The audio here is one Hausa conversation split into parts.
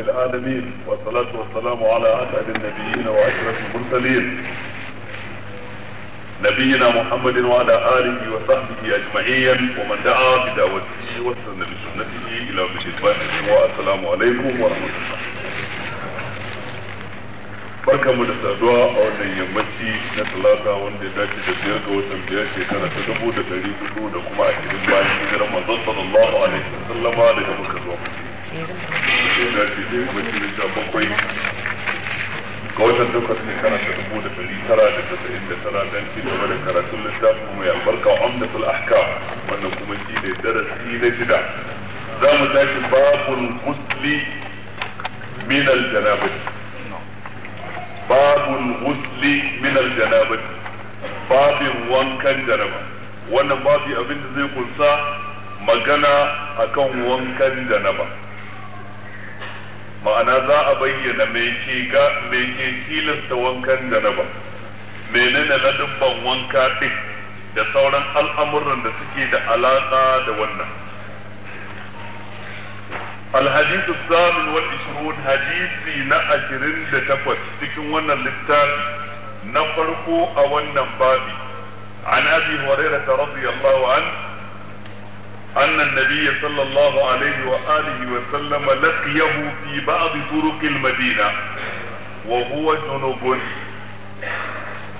العالمين والصلاة والسلام على أسعد النبيين وأشرف المرسلين نبينا محمد وعلى آله وصحبه أجمعين ومن دعا بدعوته واستنى بسنته إلى مجد الدين والسلام عليكم ورحمة الله barkan mu da saduwa a wannan yammaci na talata wanda ya dace da biyar ga watan biyar shekara ta dubu da dari hudu da kuma ashirin bayan hijirar manzon sallallahu alaihi wasallama daga muka zuwa mutum ya dace da yamma shi da bakwai ga watan takwas shekara dubu da dari tara da tasa'in da tara don ci gaba da karatun littafin mai albarka umdatul ahkam wannan kuma shi ne darasi na shida za mu tashi babul musli min aljanabati babul musli min aljanabati babin wankan janaba wannan babi abinda zai kunsa magana akan wankan janaba ma'ana za a bayyana mai ke ga tilasta wankan janaba menene ladabban wanka din da sauran al'amuran da suke da alaƙa da wannan الحديث الثامن والعشرون حديثي نأشرين لتفت تكون اللتان نفرق أو النبابي عن أبي هريرة رضي الله عنه أن النبي صلى الله عليه وآله وسلم لقيه في بعض طرق المدينة وهو جنوب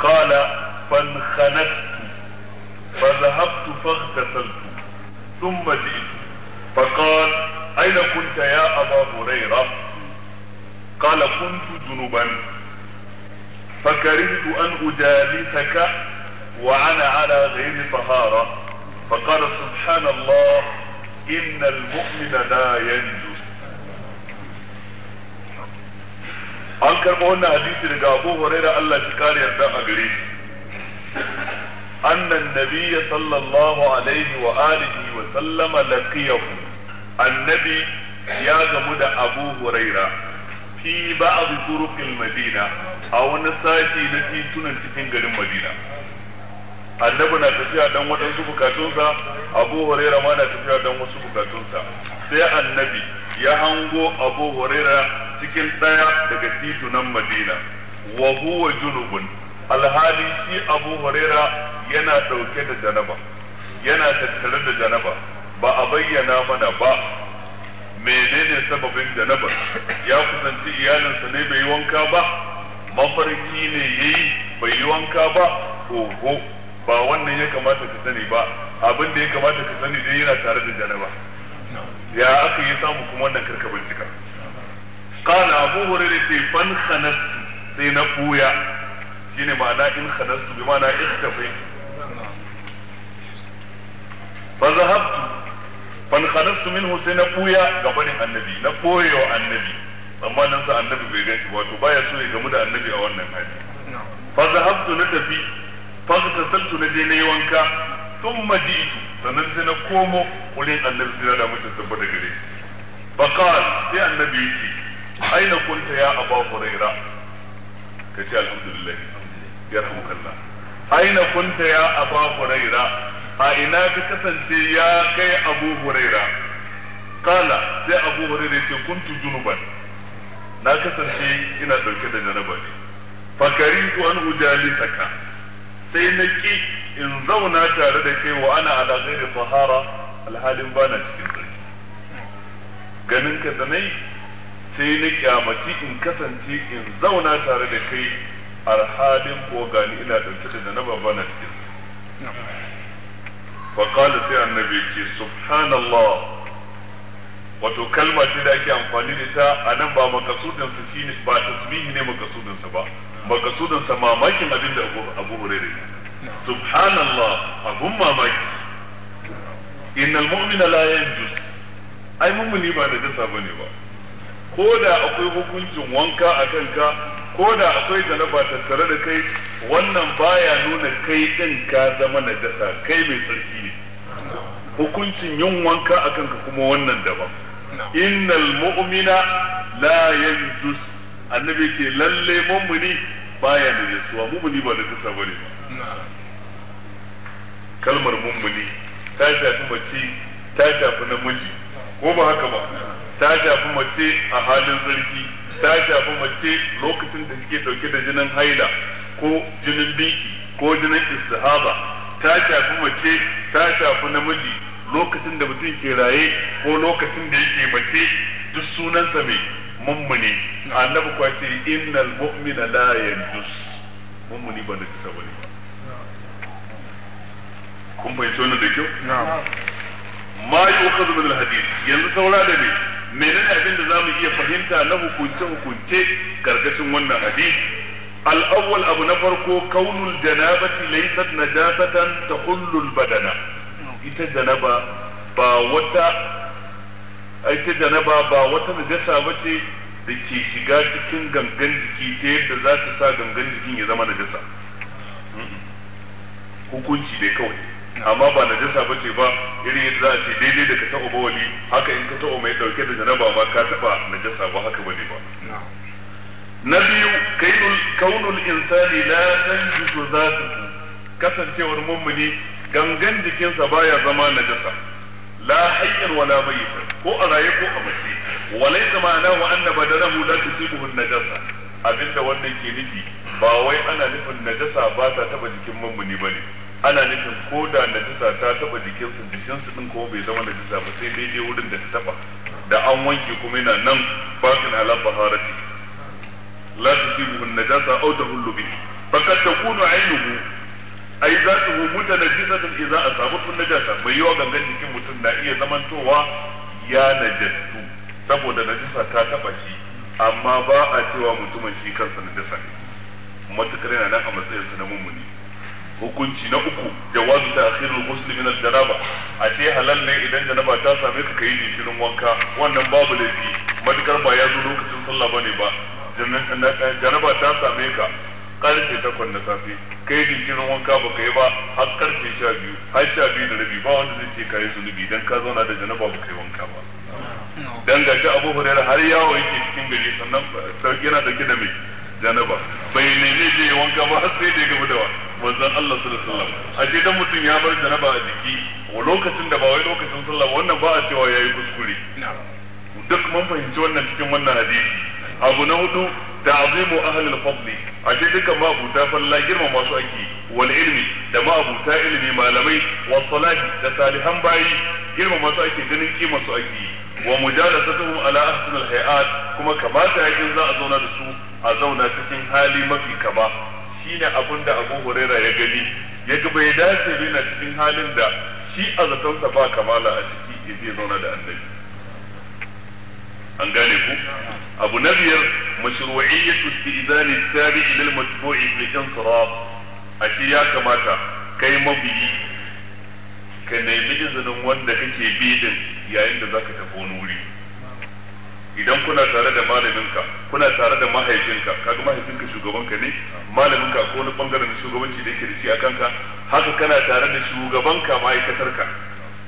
قال فانخنقت فذهبت فاغتسلت ثم جئت فقال أين كنت يا أبا هريرة قال كنت جنوبا فكرهت أن أجالسك وأنا على غير طهارة فقال سبحان الله إن المؤمن لا ينجو an karɓi wannan hadisi daga Abu Huraira Allah shi kare yarda a gare shi annan nabiyya sallallahu alaihi wa alihi wa sallama laqiyahu annabi ya gamu da Abu Huraira fi ba'd turuqil Madina a wani sashi na titunan cikin garin Madina annabi na tafiya dan waɗansu bukatunsa abu huraira ma na tafiya dan wasu bukatunsa sai annabi ya hango abu huraira cikin ɗaya daga titunan madina wa huwa junubun alhali shi abu huraira yana ɗauke da janaba yana tattare da janaba ba a bayyana mana ba menene sababin janaba ya kusanci iyalinsa ne bai yi wanka ba mafarki ne yayi bai yi wanka ba oho ba wannan ya kamata ka sani ba abin da ya kamata ka sani dai yana tare da janaba ya aka yi samu kuma wannan karka bincika qala abu hurairi fi fan khanas sai na buya shine ma'ana in khanas bi ma'ana ikhtafaitu fa zahabtu fan khanas minhu sai na buya gabanin annabi na koyo annabi amma nan sa annabi bai gashi wato baya so ya gamu da annabi a wannan hali fa zahabtu na tafi fagta saltu na je na yi wanka sun majitu sannan sai na komo wurin annabi sai da sabba da gare shi sai annabi yace aina kunta ya aba huraira ce alhamdulillah yarhamukallah aina kunta ya aba huraira a ina ka kasance ya kai abu huraira kala sai abu huraira ce kuntu junuban na kasance ina dauke da janaba ne fakari an saka. sai na ki in zauna tare da kai wa ana ala ghairi tahara alhalin bana cikin tsarki ganin ka da nai sai na kyamaci in kasance in zauna tare da kai alhalin ko gani ina dauke da janaba bana cikin fa qala sai annabi ce subhanallah wato kalma ce da ake amfani da ita a nan ba makasudinsa shine ba tasbihi ne makasudinsu ba makasudin sa mamakin abin da Abu Hurairah subhanallah abun mamaki innal mu'mina la yanjus ai mummuni ba da jasa bane ba ko da akwai hukuncin wanka a kanka ko da akwai zanaba tattare da kai wannan baya nuna kai din ka zama na jasa kai mai tsarki ne hukuncin yin wanka a kanka kuma wannan daban innal mu'mina la yanjus annabi ke lalle mummuni baya da nutsuwa mummuni ba da ba bane kalmar mummuni ta shafi mace ta shafi namiji ko ba haka ba ta shafi mace a halin sarki ta shafi mace lokacin da suke dauke da jinin haila ko jinin biki ko jinin istihaba ta shafi mace ta shafi namiji lokacin da mutum ke raye ko lokacin da yake mace duk sunansa mai mummuni annabi kuwa ce innal mu'mina la yanjus mummuni ba da kisa bane ne kun fahimci wannan da kyau ma yu'khadhu min al yanzu saura da me menene abin da zamu iya fahimta na hukunce hukunce karkashin wannan hadisi abu na farko كون الجنابة ليست نجاسة تخل البدن إذا ba ba wata. aita ta janaba ba wata najasa ba ce da ke shiga cikin gangan jiki ta yadda za ta sa gangan jikin ya zama najasa hukunci dai kawai amma ba najasa ba ce ba irin yadda za a ce daidai da ka taɓa bawali haka in ka taɓa mai ɗauke da janaba ma ka taɓa najasa ba haka bane ba na biyu kainul kaunul insani la za su kasancewar mummuni gangan jikinsa baya zama najasa la hayyan wala mayyitan ko a raye ko a mace walaysa ma'anahu anna badanahu la tusibuhu najasa abinda wannan ke nufi ba wai ana nufin najasa ba ta taba jikin ba bane ana nufin ko da najasa ta taba jikin su jikin su din kuma bai zama najasa ba sai dai dai wurin da ta taba da an wanke kuma yana nan bakin ala baharati la tusibuhu najasa aw tahullu bihi kad takunu 'ainuhu ai za su hu a samu sun najasa mai yawa gangan jikin mutum na iya zamantowa ya najassu saboda najasa ta taba shi amma ba a cewa mutumin shi kansa najasa ne matukar yana nan a matsayin sa na mummuni hukunci na uku jawazu ta akhirul ghusl al-janaba a ce halal ne idan janaba ta same ka kai jinkirin wanka wannan babu laifi matukar ba ya zo lokacin sallah ne ba janaba ta same ka karfe takwas na safe kai jinkirin wanka ba kai ba har karfe sha biyu har sha biyu da rabi ba wanda zai ce ka yi zunubi dan ka zauna da janaba ba kai wanka ba dan gashi abu hurairar har yawo yake cikin gari sannan sauki yana dauke da mai janaba bai nemi zai yi wanka ba har sai da ya gaba da manzon Allah sallallahu alaihi wasallam a ce dan mutum ya bar janaba a jiki wa lokacin da ba wai lokacin sallah wannan ba a cewa yayi kuskure duk mun fahimci wannan cikin wannan hadisi abu na hudu ta'zimu ahlul fadli a dukkan ma abuta falla girma masu ake wal ilmi da ma abuta ilmi malamai wa salati da salihan bayi girma masu ake ganin kima su ake wa mujalasatuhum ala ahsan al hayat kuma kamata yakin za a zauna da su a zauna cikin hali mafi kama shine abin da Abu Huraira ya gani ya ga bai dace na cikin halin da shi a zaton ba kamala a ciki ya zauna da annabi an gane ku abu na biyar mashru'iyyatu istizani tabi' lil matbu'i fi insiraf ashi ya kamata kai mabiyi ka nemi izinin wanda kake bi din yayin da zaka tafi wani wuri idan kuna tare da malaminka kuna tare da mahaifinka kaga mahaifinka shugabanka ne malaminka ko wani bangaren shugabanci da yake da shi a kanka haka kana tare da shugabanka ma'aikatarka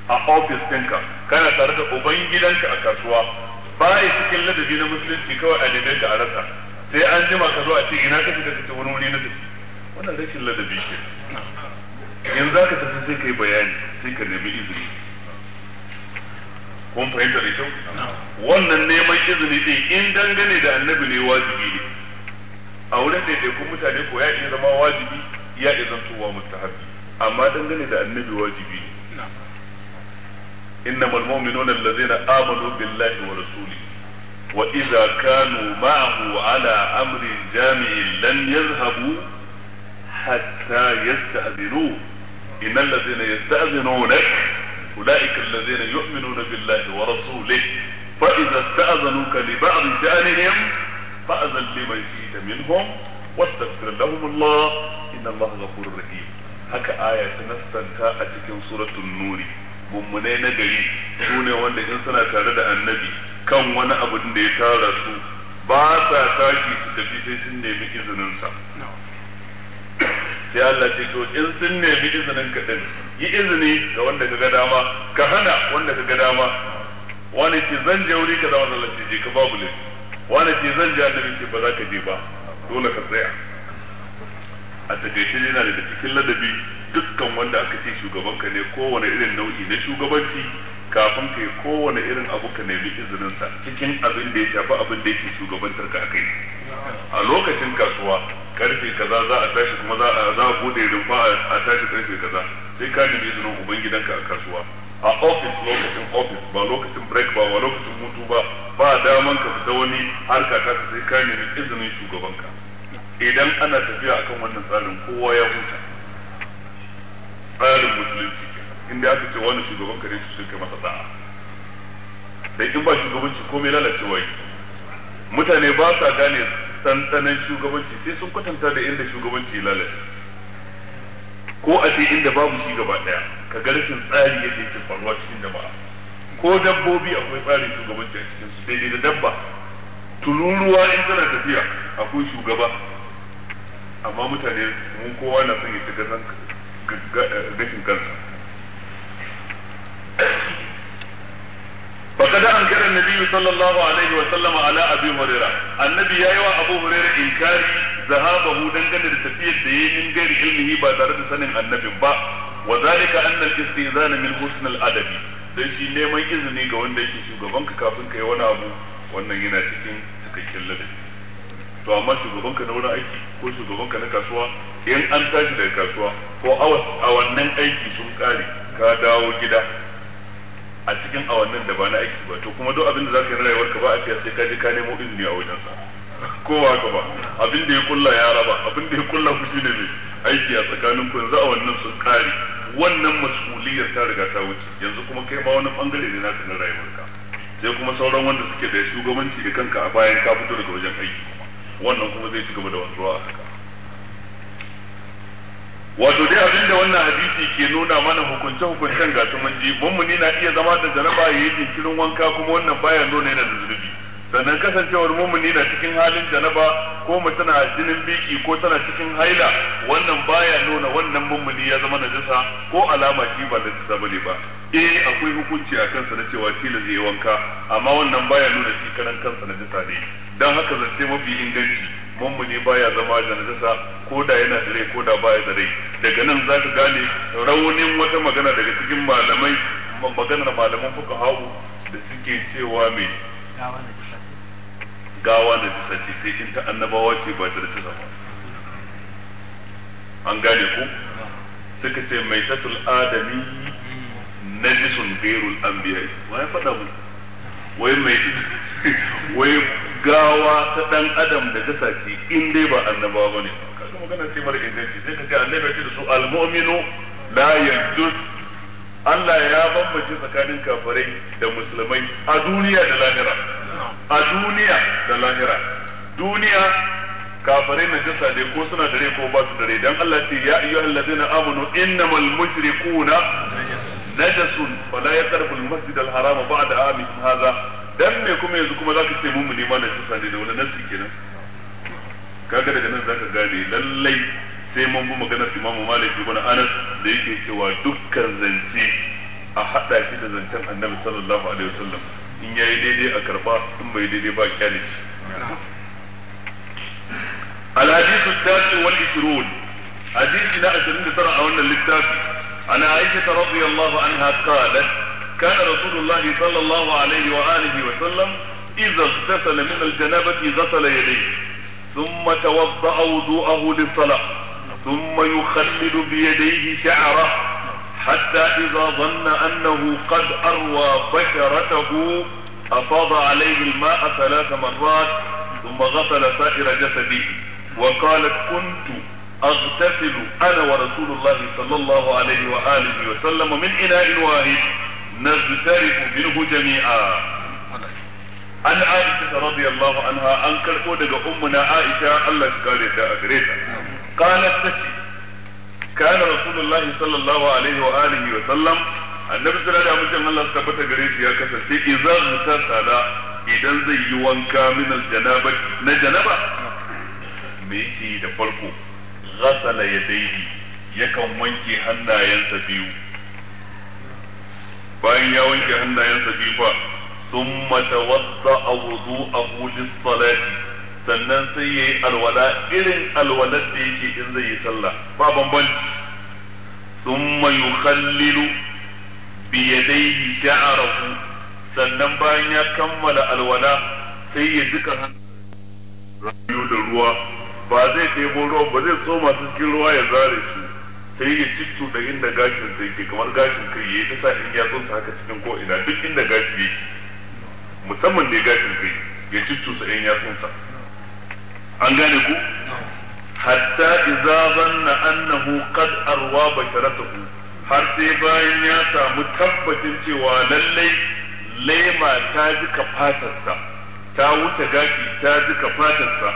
a ofis ɗinka kana tare da uban gidanka a kasuwa baya cikin ladabi na musulunci kawai a neme ka a rasa sai an jima ka zo a ce ina kake daga ce wani wuri na dabi wannan rashin ladabi ke yanzu ka tafi sai ka yi bayani sai ka nemi izini kun fahimta da kyau wannan neman izini din in dangane da annabi ne wajibi ne a wurin ko mutane ko ya iya zama wajibi ya iya zantowa mustahabi amma dangane da annabi wajibi ne إنما المؤمنون الذين آمنوا بالله ورسوله وإذا كانوا معه على أمر جامع لن يذهبوا حتى يستأذنوه إن الذين يستأذنونك أولئك الذين يؤمنون بالله ورسوله فإذا استأذنوك لبعض شأنهم فأذن لمن شئت منهم واستغفر لهم الله إن الله غفور رحيم هكا آية نفسها أتكن سورة النور mummunai na gari su ne wanda in suna tare da annabi kan wani abu da ya tara su ba sa tashi su tafi sai sun nemi izininsa sai Allah ce to in sun nemi izinin ka din yi izini ga wanda ka ga dama ka hana wanda ka ga dama wani ce zan je wuri ka zama sallar ce ka babu ne wani ce zan je annabi ce ba za ka je ba dole ka tsaya a takaice yana da cikin ladabi dukkan wanda aka ce shugabanka ne kowane irin nau'i na shugabanci kafin ka kai kowane irin abu ka nemi izininsa cikin abin da ya shafi abin da yake shugabantar ka akai a lokacin kasuwa karfe kaza za a tashi kuma za a bude rufa a tashi karfe kaza sai ka nemi izinin ubangidanka a kasuwa a ofis lokacin ofis ba lokacin break ba ba lokacin hutu ba ba daman ka fita wani harka ta sai ka nemi izinin shugabanka idan ana tafiya akan wannan tsarin kowa ya huta tsarin musulunci inda aka ce wani shugaban kare su sun kai masa da'a da in ba shugabanci komai lalacewa yi mutane ba sa gane tsantsanin shugabanci sai sun kwatanta da inda shugabanci lalace ko a ce inda babu shi gaba daya ka ga rashin tsari yadda yake faruwa cikin jama'a ko dabbobi akwai tsarin shugabanci a cikin su daidai da dabba tururuwa in tana tafiya akwai shugaba amma mutane mun kowa na son ya shiga gashin kansa فقد انكر النبي صلى الله عليه وسلم على ابي هريره النبي يا abu ابو هريره انكار ذهابه دنگane da tafiyar da yayi min gari ilmihi ba tare da sanin annabin ba wa zalika anna al-istizan min husn al-adab dan shi neman izini ga wanda yake shugabanka kafin kai wani abu wannan yana cikin cikakken ladabi to amma shugabanka na wurin aiki ko shugabanka na kasuwa in an tashi daga kasuwa ko wannan aiki sun kare ka dawo gida a cikin wannan da ba na aiki ba to kuma duk abin da za ka yi na rayuwarka ba a ce sai ka je ka nemo izini a wajensa ko ba haka ba abin da ya kulla ya raba abin da ya kulla ku shine ne aiki a tsakanin ku yanzu a wannan sun kare wannan mas'uliyar ta riga ta wuce yanzu kuma kai ma wani bangare ne na na rayuwarka sai kuma sauran wanda suke da shugabanci da kanka a bayan ka fito daga wajen aiki wannan kuma zai ci gaba da wanzuwa a haka wato dai abin da wannan hadisi ke nuna mana hukunce hukuncen ga tumanji mummuni na iya zama da jaraba yi jinkirin wanka kuma wannan baya nuna yana da zunubi sannan kasancewar mummuni na cikin halin janaba ko mu tana jinin biki ko tana cikin haila wannan baya nuna wannan mummuni ya zama najasa ko alama shi ba najasa bane ba E, akwai hukunci a kansa na cewa zai yi wanka amma wannan baya nuna shi kanan kansa najasa ne dan haka zance mafi inganci ne baya zama da najasa ko da yana da rai ko da baya da rai daga nan za ka gane raunin wata magana daga cikin malamai maganar malaman fuka hawu da suke cewa mai gawa na jisa ce sai in ta annabawa ce ba ta rikisa ba an gane ku suka ce mai satul adami hmm. na jisun gairul an biyar wa ya faɗa mu wai mai wai gawa ta dan adam da gasa sace in dai ba annabawa ne kaga magana ce mara inganci sai ka ce annabi ce da su almu'minu la yajud Allah ya bambance tsakanin kafirai da musulmai a duniya da lahira a duniya da lahira duniya kafirai na jasa ne ko suna dare ko ba su dare dan Allah ce ya ayyuhal ladina amanu innamal mushrikuuna najasun fala yaqrabu al harama ba'da amin hadha dan me kuma yanzu kuma zaka ce mun ne ma na jisa ne da wani nasi kenan kaga daga nan zaka gane lallai sai mun bi maganar Imam Malik ibn Anas da yake cewa dukkan zance a hada shi da zancen Annabi sallallahu alaihi wasallam in yayi daidai a karba in bai daidai ba kyale الحديث التاسع والعشرون حديث لا أشرين ترى أولا للتاسع عن عائشة رضي الله عنها قالت كان رسول الله صلى الله عليه وآله وسلم إذا اغتسل من الجنابة غسل يديه ثم توضأ وضوءه للصلاة ثم يخلل بيديه شعره حتى إذا ظن أنه قد أروى بشرته أفاض عليه الماء ثلاث مرات ثم غسل سائر جسده وقالت كنت أغتسل أنا ورسول الله صلى الله عليه وآله وسلم من إناء واحد naztarifu minhu jami'a an aisha radiyallahu anha an karbo daga ummuna aisha Allah a gare ta qalat tashi sallallahu alaihi wa wa sallam annabi sura da mutum Allah suka bata gare ya kasance idan ta sala idan zai yi wanka min aljanaba na janaba me yake da farko ghasala yakan wanke hannayensa biyu bayan ya wanke hannayensa biyu fa thumma tawadda'a wudu'ahu lis-salati sannan sai yayi alwala irin alwalar da yake in zai yi sallah ba bambanci thumma yukhallilu bi yadayhi sha'rahu sannan bayan ya kammala alwala sai ya duka hannu da ruwa ba zai ɗebo ruwan ba zai so masu cikin ruwa ya zare su sai ya ciccu da inda gashin sai ke kamar gashin kai ya yi ta sa in ya tsunsa haka cikin ko ina duk inda gashi yake musamman ne gashin kai ya ciccu sa in ya tsunsa an gane ku hatta idza zanna annahu qad arwa basharatuhu har sai bayan ya samu tabbacin cewa lallai laima ta jika fatarsa ta wuce gashi ta jika fatarsa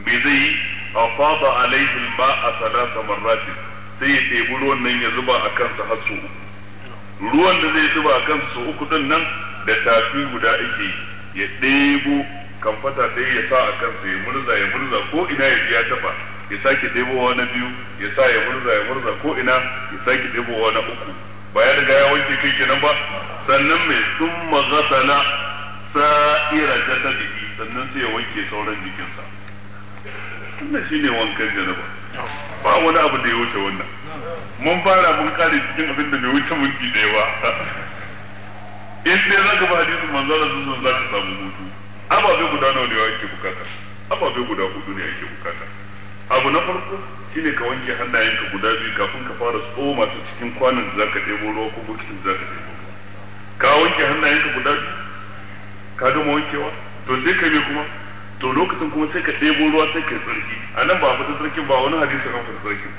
me zai yi afada alaihi al-ma'a salasa marratin sai ya ɗebi ruwan nan ya zuba a kansa har su ruwan da zai zuba a kansa su uku din nan da tafi guda ake ya ɗebo kamfata ɗaya ya sa a kansa ya murza ya murza ko ina ya ya taɓa ya sake ɗebowa na biyu ya sa ya murza ya murza ko ina ya sake ɗebowa na uku ba ya riga ya wanke kai kenan ba sannan mai sun magasala sa'ira ta sannan sai ya wanke sauran jikinsa wannan shine wankan janaba ba wani abu da ya wuce wannan mun fara mun kare cikin abin da bai wuce ki da yawa in dai zaka ba hadisin manzo Allah sun zaka samu hutu bai guda nawa ne yake bukata bai guda hudu ne yake bukata abu na farko shine ka wanke hannayenka guda biyu kafin ka fara tsoma masu cikin kwanan da zaka ɗebo ruwa ko bokitin da zaka ɗebo ka wanke hannayenka guda biyu ka gama wankewa to sai ka bi kuma to lokacin kuma sai ka ɗebo ruwa sai ka yi tsarki a nan ba a fita tsarkin ba wani hadisi kan fita tsarkin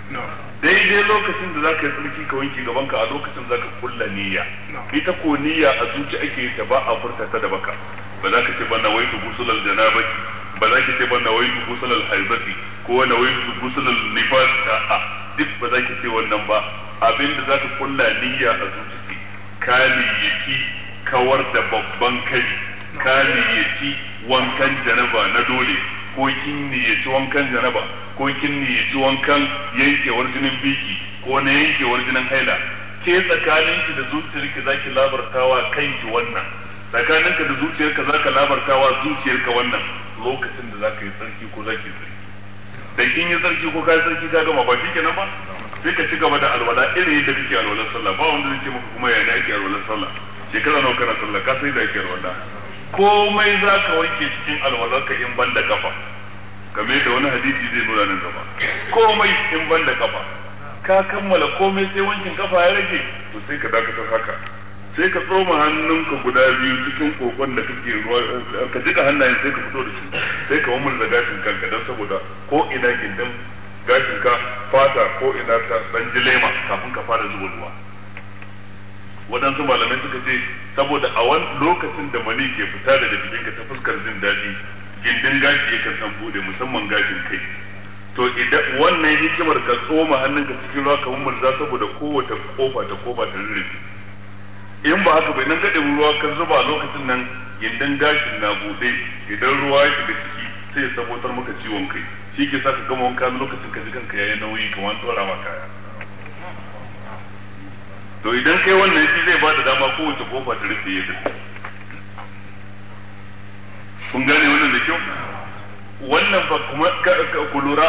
daidai lokacin da za ka yi tsarki ka wanke gaban ka a lokacin za ka kulla niyya ita ko niyya a zuci ake yi ta ba a furta ta da baka ba za ka ce ba na waitu gusulal janabati ba za ka ce ba na waitu gusulal haibati ko na waitu gusulal nifas a duk ba za ka ce wannan ba Abin da za ka kulla niyya a zuci ka niyyaci kawar da babban kai ka niyyaci wankan janaba na dole ko kin niyyaci wankan janaba ko kin niyyaci wankan yankewar jinin biki ko na yankewar jinin haila ke tsakaninki da zuciyarki zaki labartawa kanki wannan tsakaninka da zuciyarka zaka labartawa zuciyarka wannan lokacin da zaka yi tsarki ko zaki yi tsarki da kin yi tsarki ko ka yi tsarki ka gama ba shikenan ba sai ka ci gaba da alwala irin yadda kake alwalar sallah ba wanda zai ce maka kuma yana ake alwalar sallah shekara nawa kana sallah ka sai da ake alwala komai za ka wanke cikin alwalarka in ban da kafa game da wani hadisi zai nuna nan gaba komai in ban da kafa ka kammala komai sai wankin kafa ya rage to sai ka dakatar haka sai ka tsoma hannunka guda biyu cikin kokon da kake ruwa ka jika hannayen sai ka fito da shi sai ka wamma da gashin kanka dan saboda ko ina gindin gashin ka fata ko ina ta dan jilema kafin ka fara zuba ruwa waɗansu malamai suka ce saboda a wani lokacin da mani ke fita daga jikinka ta fuskar jin daɗi gindin gashi yakan san bude musamman gashin kai to idan wannan hikimar ka tsoma hannunka cikin ruwa kamar murza saboda kowace kofa ta kofa ta rurrufe in ba haka bai nan gaɗin ruwa kan zuba lokacin nan gindin gashin na buɗe idan ruwa ya shiga ciki sai ya sabotar maka ciwon kai shi ke sa ka gama wanka lokacin ka ji kanka yayi nauyi kamar tsorawa ma kaya to idan kai wannan shi zai ba da dama kowace kofa ta rufe ya kun gane wannan da kyau wannan ba kuma ku lura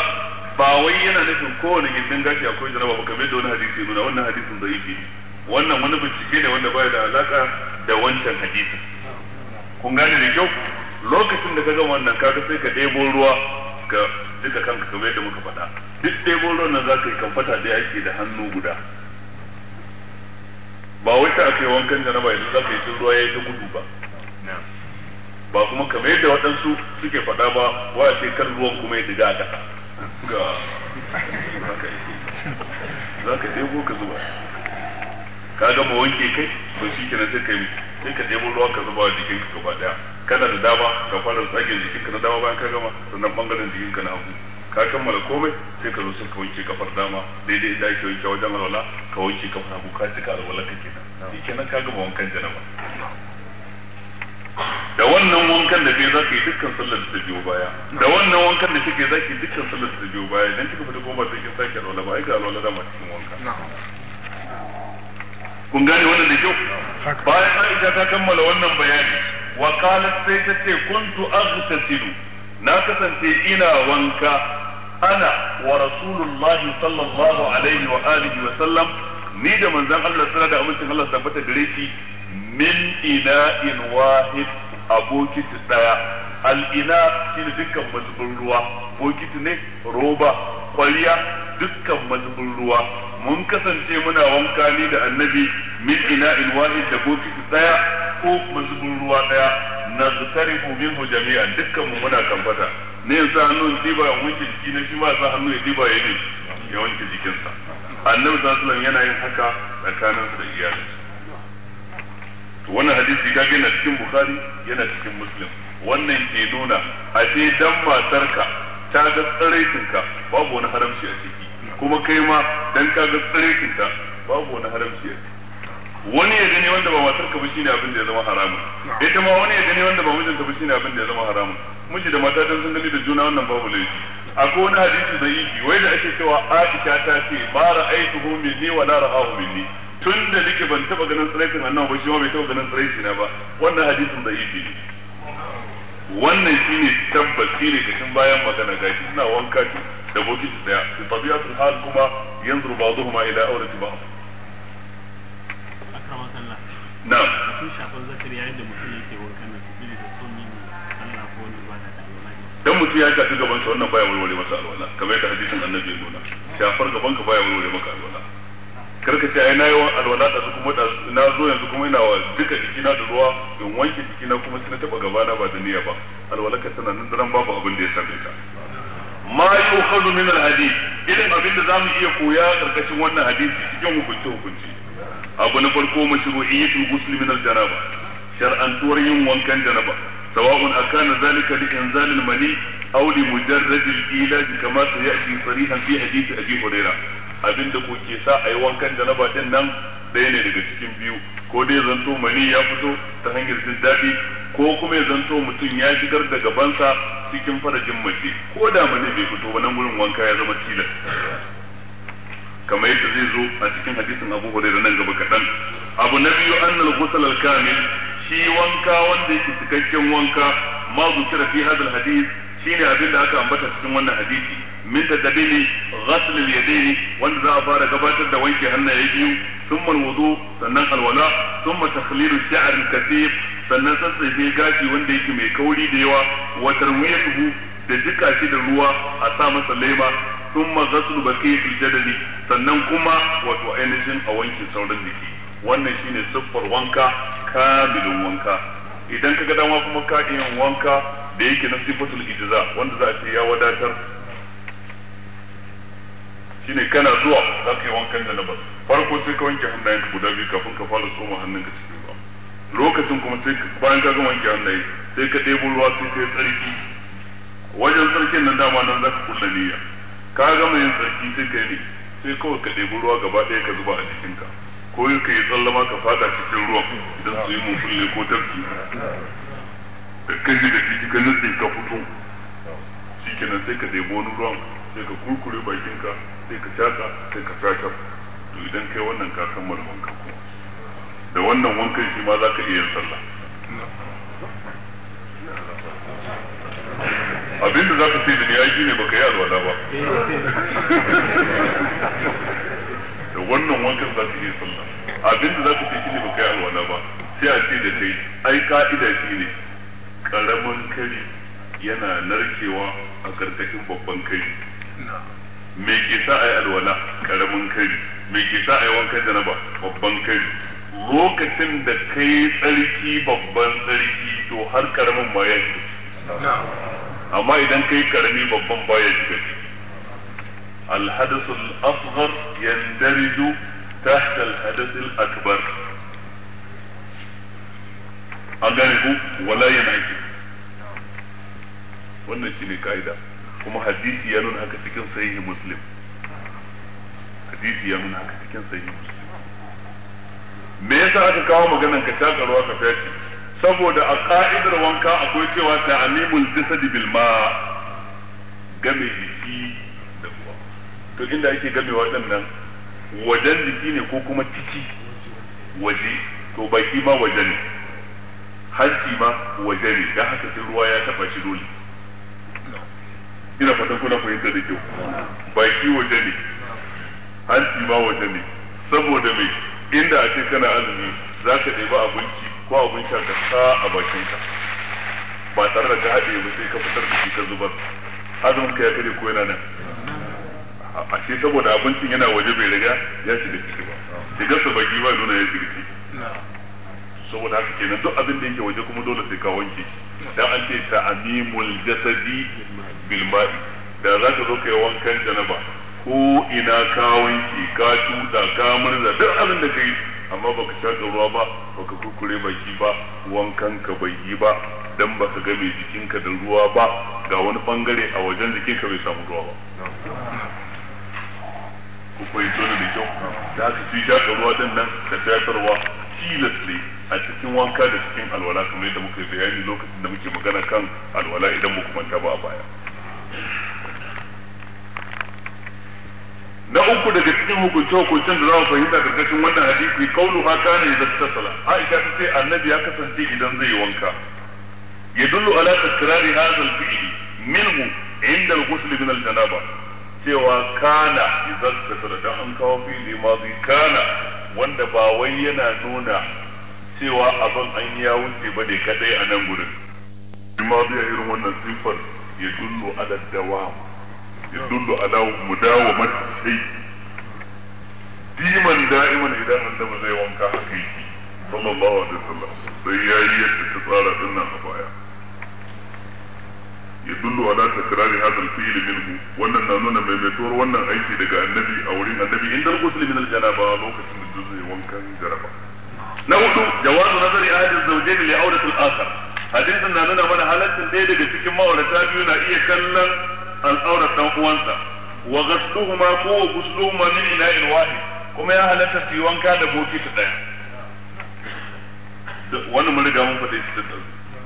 ba wai yana nufin kowane gindin gashi akwai jaraba ba kamar da wani hadisi nuna wannan hadisin da yake wannan wani bincike ne wanda baya da alaka da wancan hadisi kun gane da kyau lokacin da ka gama wannan kaga sai ka ɗebo ruwa ka duka kanka kamar yadda muka faɗa duk ɗebo ruwan nan za ka yi kamfata da yake da hannu guda ba wai ta aka yi wankan janaba idan za ka yi ruwa ya yi ta gudu ba ba kuma kamar yadda waɗansu suke faɗa ba wa a kan ruwan kuma ya diga a ƙasa ga za ka ɗebo ka zuba ka gama wanke kai to shi kenan sai ka yi sai ka ɗebo ruwa ka zuba a ka gaba ɗaya kana da dama ka fara tsage jikin ka na dama bayan ka gama sannan ɓangaren jikin ka na hagu ka kammala komai sai ka zo sai ka wanke kafar dama daidai da ake wanke wajen alwala ka wanke kafar hagu ka cika alwala ka kenan shi kenan ka gama wankan janaba da wannan wankan da kai za ka yi dukkan sallar da biyo baya da wannan wankan da ke za yi dukkan sallar da biyo baya idan kika fita goma sai kin sake alwala ba ai ga alwala dama cikin wanka kun gane wannan da kyau bayan Aisha ta kammala wannan bayani wa qalat sai ta ce kuntu aghtasilu na kasance ina wanka ana wa rasulullahi sallallahu alaihi wa alihi wa sallam ni da manzon Allah sallallahu alaihi wa sallam Allah tabbata gare shi min ina in wahid a bokiti daya al'ina shi ne dukkan mazubin ruwa bokiti ne roba kwalliya dukkan mazubin ruwa mun kasance muna wanka ni da annabi min ina in wahid da bokiti daya ko mazubin ruwa daya na zutarifu minhu jami'a dukkan mu muna kamfata ne ya sa hannu ya diba ya wanke jiki na shi ma sa hannu ya diba ya ne ya wanke jikinsa annabi sallallahu alaihi yana yin haka tsakaninsa da iyalinsa to wannan hadisi ga yana cikin bukhari yana cikin muslim wannan ke nuna a ce dan matarka ta ga tsaraitinka babu wani haramci a ciki kuma kai ma dan ka ga tsaraitinka babu wani haramci a ciki wani ya gani wanda ba matarka ba shine abin da ya zama haramun ita ma wani ya gani wanda ba mijinta ba shine abin da ya zama haramun miji da mata dan sun gani da juna wannan babu laifi akwai wani hadisi da yi wai da ake cewa Aisha ta ce ba ra'aytuhu minni wa la ra'ahu minni tun da nake ban taba ganin tsiraitin annan ba shi ma bai taba ganin tsiraitin na ba wannan hadisin da yake wannan shine shi ne kashin bayan magana gashi suna wanka da bokiti daya fi tabiatul hal kuma yanzuru ba'dhuma ila awrati ba'd akrama sallah na kun zakari yayin da mutum yake da sallah ko ba dan mutum ya shafi gaban shi wannan baya warware masa alwala kamar yadda hadisin annabi ya nuna shafar gaban ka baya warware maka alwala karka ce ai nayi alwala da su kuma na zo yanzu kuma ina wa duka jikina da ruwa in wanke jikina kuma sai na taba na ba da niyya ba alwalaka tana nan daren babu abin da ya same ta ma yukhadhu min alhadith irin abin da zamu iya koya karkashin wannan hadisi cikin hukunce hukunci abu na farko mashru'iyyatul ghusl min aljanaba shar'antuwar yin wankan janaba sawa'un akana zalika li inzalil mani aw li mujarrad al-ilaj kama sayati sarihan fi hadith abi hurairah abin da ku ke sa a yi wankan janaba din nan ɗaya ne daga cikin biyu ko dai zanto mani ya fito ta hanyar jin daɗi ko kuma ya zanto mutum ya shigar da gabansa cikin farajin mace ko da mani bai fito ba nan gurin wanka ya zama tilas kamar yadda zai zo a cikin hadisin Abu Hurairah nan gaba kaɗan abu na biyu an na al kamil shi wanka wanda yake cikakken wanka ma da fi hadal hadis shine abin da aka ambata cikin wannan hadisi min tadabili ghasl al yadayni wanda za a fara gabatar da wanke hannaye biyu thumma al sannan alwala thumma takhlil ash-sha'r al-kathif sannan sassafe gashi wanda yake mai kauri da yawa wa tarwiyatuhu da jika shi da ruwa a sa masa lema thumma ghasl baqiyat al-jadali sannan kuma wato ainihin a wanke sauran jiki wannan shine siffar wanka kamilin wanka idan ka dama kuma ka yin wanka da yake na sifatul ijza wanda za a ce ya wadatar shine kana zuwa za ka yi wankan janaba farko sai ka wanke ka guda biyu kafin ka fara tsoma ka cikin ruwa lokacin kuma sai bayan ka gama wanke hannaye sai ka ɗebo ruwa sai ka yi tsarki wajen tsarkin nan dama nan za ka kulla niyya ka gama yin tsarki sai ka yi sai kawai ka ɗebo ruwa gaba ɗaya ka zuba a ka ko ka yi tsallama ka fada cikin ruwan idan su yi mun kulle ko tafki kaji da shi ka nutse ka fito shi kenan sai ka ɗebo wani ruwan sai ka kurkure bakinka sai ka caka, sai ka shaƙar to idan kai wannan ka kammala wankan ko da wannan wankan shi ma za ka iya sallah abin da za ka sai da ni aiki ne baka yi alwala ba da wannan wankan za ka iya sallah abin da za ka sai shi ne baka yi alwala ba sai a ce da kai ai ka'ida shi ne karamin kari yana narkewa a karkashin babban kari me ke sa a yi alwala karamin kari me ke sa a yi wankan janaba babban kari lokacin da kai tsarki babban tsarki to har karamin ma ya shiga amma idan kai karami babban ba ya shiga الحدث الأصغر يندرج تحت الحدث الأكبر wala ولا aiki. wannan ne ka'ida kuma hadisi ya nuna haka cikin sahihi muslim hadisi ya nuna haka cikin sahihi muslim me yasa aka kawo maganan ka taka ruwa ka fyaci saboda a ka'idar wanka akwai cewa ta'amimul jasadi bil ma game jiki da ruwa to inda ake game waɗannan wajen jiki ne ko kuma ciki waje to baki ma waje ne hanci ma waje ne dan haka sai ruwa ya taba shi dole ina fatan kuna fahimta da kyau baki waje ne hanci ma waje ne saboda mai inda a ce kana azumi za ka ɗebi abinci ko abin sha ka sa a bakinka ba tare da ka haɗe ba sai ka fitar da shi ka zubar azumin ka ya kare ko yana nan a ce saboda abincin yana waje bai riga ya shiga ciki ba shigar sa baki ba nuna ya shiga ciki saboda haka kenan duk abin da yake waje kuma dole sai ka wanke shi dan an ce ta amimul jasadi bilma'i da za ka zo ka yi wankan janaba ko ina ka wanke ka tuda ka murza duk abin da ka yi amma baka shaƙa ruwa ba baka kurkure baki ba wankan ka bai yi ba dan baka ga mai jikinka da ruwa ba ga wani bangare a wajen jikinka bai samu ruwa ba ku koyi tona da kyau da haka shi shaƙa ruwa din nan da shaƙarwa tilas ne a cikin wanka da cikin alwala kamar yadda muka yi bayani lokacin da muke magana kan alwala idan mu manta ba a baya na uku daga cikin hukunce hukuncen da za mu fahimta karkashin wannan hadisi kaulu ha kana idan tasala aisha ta ce annabi ya kasance idan zai yi wanka yadullu ala takrari hadha al-fi'l minhu inda al-ghusl min al-janaba cewa kana idan tasala dan an kawo fi'li madi kana wanda ba wai yana nuna cewa abin an ya wuce bane kaɗai a nan gurin madi ya irin wannan sifar يدل على الدوام يدل على مداومة الشيء ديما دائما إذا عندما زي وانكا حقيقي صلى الله عليه وسلم سيئية تتصارع لنا خبايا يدل على تكرار هذا الفعل منه وانا نانونا ميمتور وانا ايتي لقى النبي او النبي عند الغسل من الجنابة لوكة من الجزء وانكا جنابة na hudu jawazu nazari ahadin zawjayn li awratil akhar hadisin na nuna mana halaccin ɗaya daga cikin ma'aurata biyu na iya kallon al'aurar ɗan uwansa wa ghasluhuma ko wa ghusluhuma min ina'in wahid kuma ya halatta su yi wanka da ta ɗaya wani mun riga mun faɗi shi da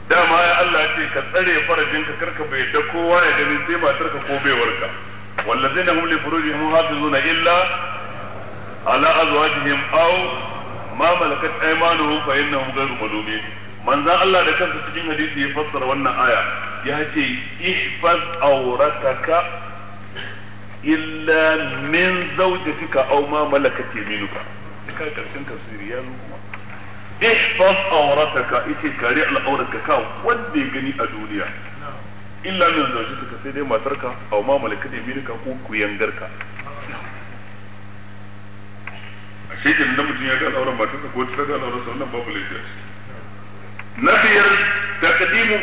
dama ya Allah ya ce ka tsare ka kar ka da kowa ya gani sai matarka ko baiwarka wallazina hum li furujihim hafizuna illa ala azwajihim aw ma malakat aymanuhum fa innahum ghayru malumin manzan Allah da kansa cikin hadisi ya fassara wannan aya ya ce ihfaz aurataka illa min zawjatika aw ma malakat yaminuka ka karshen tafsiri ya zo kuma ihfaz aurataka ita kare al'aurata ka wanda ya gani a duniya illa min zawjatika sai dai matarka aw ma malakat yaminuka ko kuyangarka shi ke nan mutum ya ga al'auran matarsa ko ta ga al'auran sa wannan babu laifi na biyar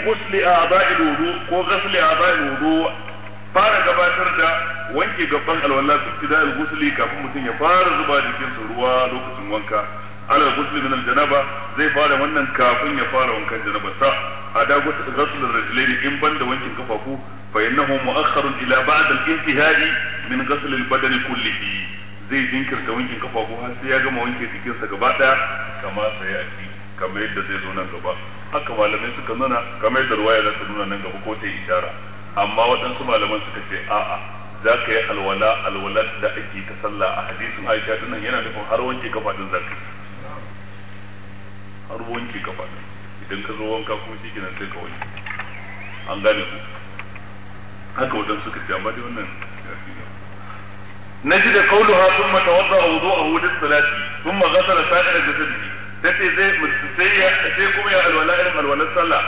Gusli a a'dha'il wudu ko ghusli a'dha'il wudu fara gabatar da wanke gaban alwala su tidal gusli kafin mutum ya fara zuba jikinsa ruwa lokacin wanka ala ghusli min janaba zai fara wannan kafin ya fara wankan janaba sa ada da ar-rajulaini in banda wankin kafafu fa innahu mu'akhkharun ila ba'd al-intihai min ghusl al-badani kullihi zai jinkirta wankin kafafu har sai ya gama wanke jikinsa gaba daya kamar sai a cikin kamar yadda zai zo nan gaba haka malamai suka nuna kamar yadda ruwaya za ta nuna nan gaba ko ta yi ishara amma waɗansu malaman suka ce a'a za ka yi alwala alwala da ake ta sallah a hadisin aisha dinnan yana nufin har wanke kafa din zaka har wanke kafaɗin idan ka zo wanka kuma shi kenan sai ka wanke an gane ku haka waɗansu suka ce amma dai wannan نجد قولها ثم توضأ وضوءه للصلاة ثم غسل سائر جسده sai zai sai kuma ya alwala irin alwalar sallah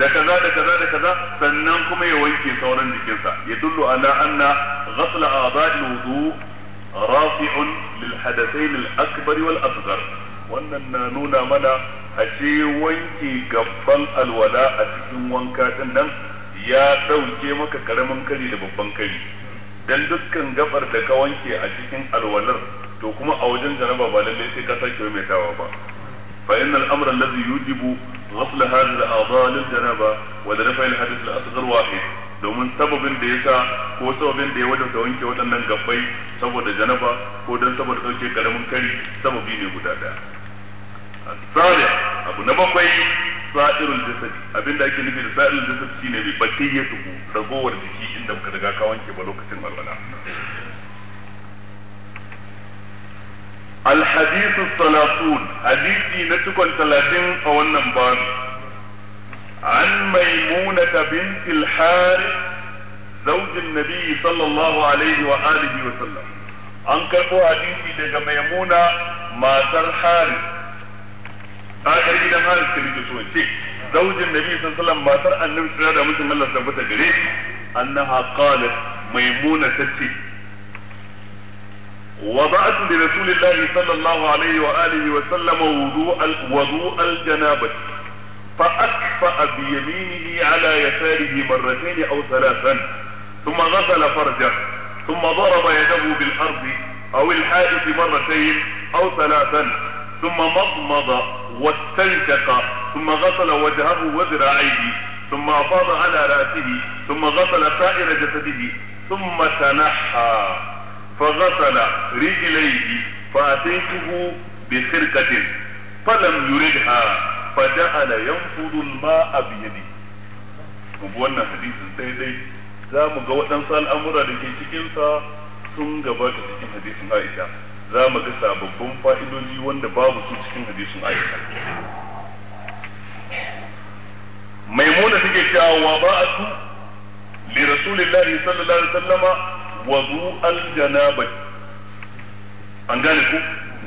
da kaza da kaza da kaza sannan kuma ya wanke sauran jikinsa ya dullu ala anna ghasl a'dha'i wudu rafi'un lil hadathain al akbar wal asghar wannan na nuna mana ashe wanke gaban alwala a cikin wanka din nan ya dauke maka karamin kari da babban kari dan dukkan gabar da ka wanke a cikin alwalar to kuma a wajen jaraba ba lallai sai ka sake maimaitawa ba فإن الأمر الذي يوجب غسل هذه الأعضاء للجنابة ولرفع الحدث الأصغر واحد domin sababin da ya sa ko sababin da ya wajabta wanke waɗannan gabbai saboda janaba ko don saboda ɗauke ƙaramin kari sababi ne guda ɗaya. Sariya abu na bakwai sa'irul jasadi da ake nufi da sa'irul jasadi shine bi bakiyyatuhu ragowar jiki inda baka riga ka wanke ba lokacin alwala. الحديث الثلاثون hadisi na ثلاثين أو النمبان عن ميمونة بنت الحارث زوج النبي صلى الله عليه وآله وسلم an karɓo hadisi daga maimuna matar haris kakar gidan haris ta rike so ce zaujin nabi sallallahu matar annabi tsira da mutum Allah tabbata gare shi annaha qalat maimuna tace وضعت لرسول الله صلى الله عليه وآله وسلم وضوء وضوء الجنابة فأكفأ بيمينه على يساره مرتين أو ثلاثا ثم غسل فرجه ثم ضرب يده بالأرض أو الحائط مرتين أو ثلاثا ثم مضمض واستنشق ثم غسل وجهه وذراعيه ثم أفاض على رأسه ثم غسل سائر جسده ثم تنحى فغسل رجليه فأتيته بخرقة فلم يردها فجعل ينفض الماء بيده وبوانا حديث سيدي dai za mu ga waɗansu al'amura da ke cikinsa sun gabata cikin hadisin Aisha za mu ga sababbin fa'idoji wanda babu su cikin hadisin Aisha maimuna take cewa wa ba'atu li rasulillahi sallallahu alaihi wasallama wazu aljanabai an gane ku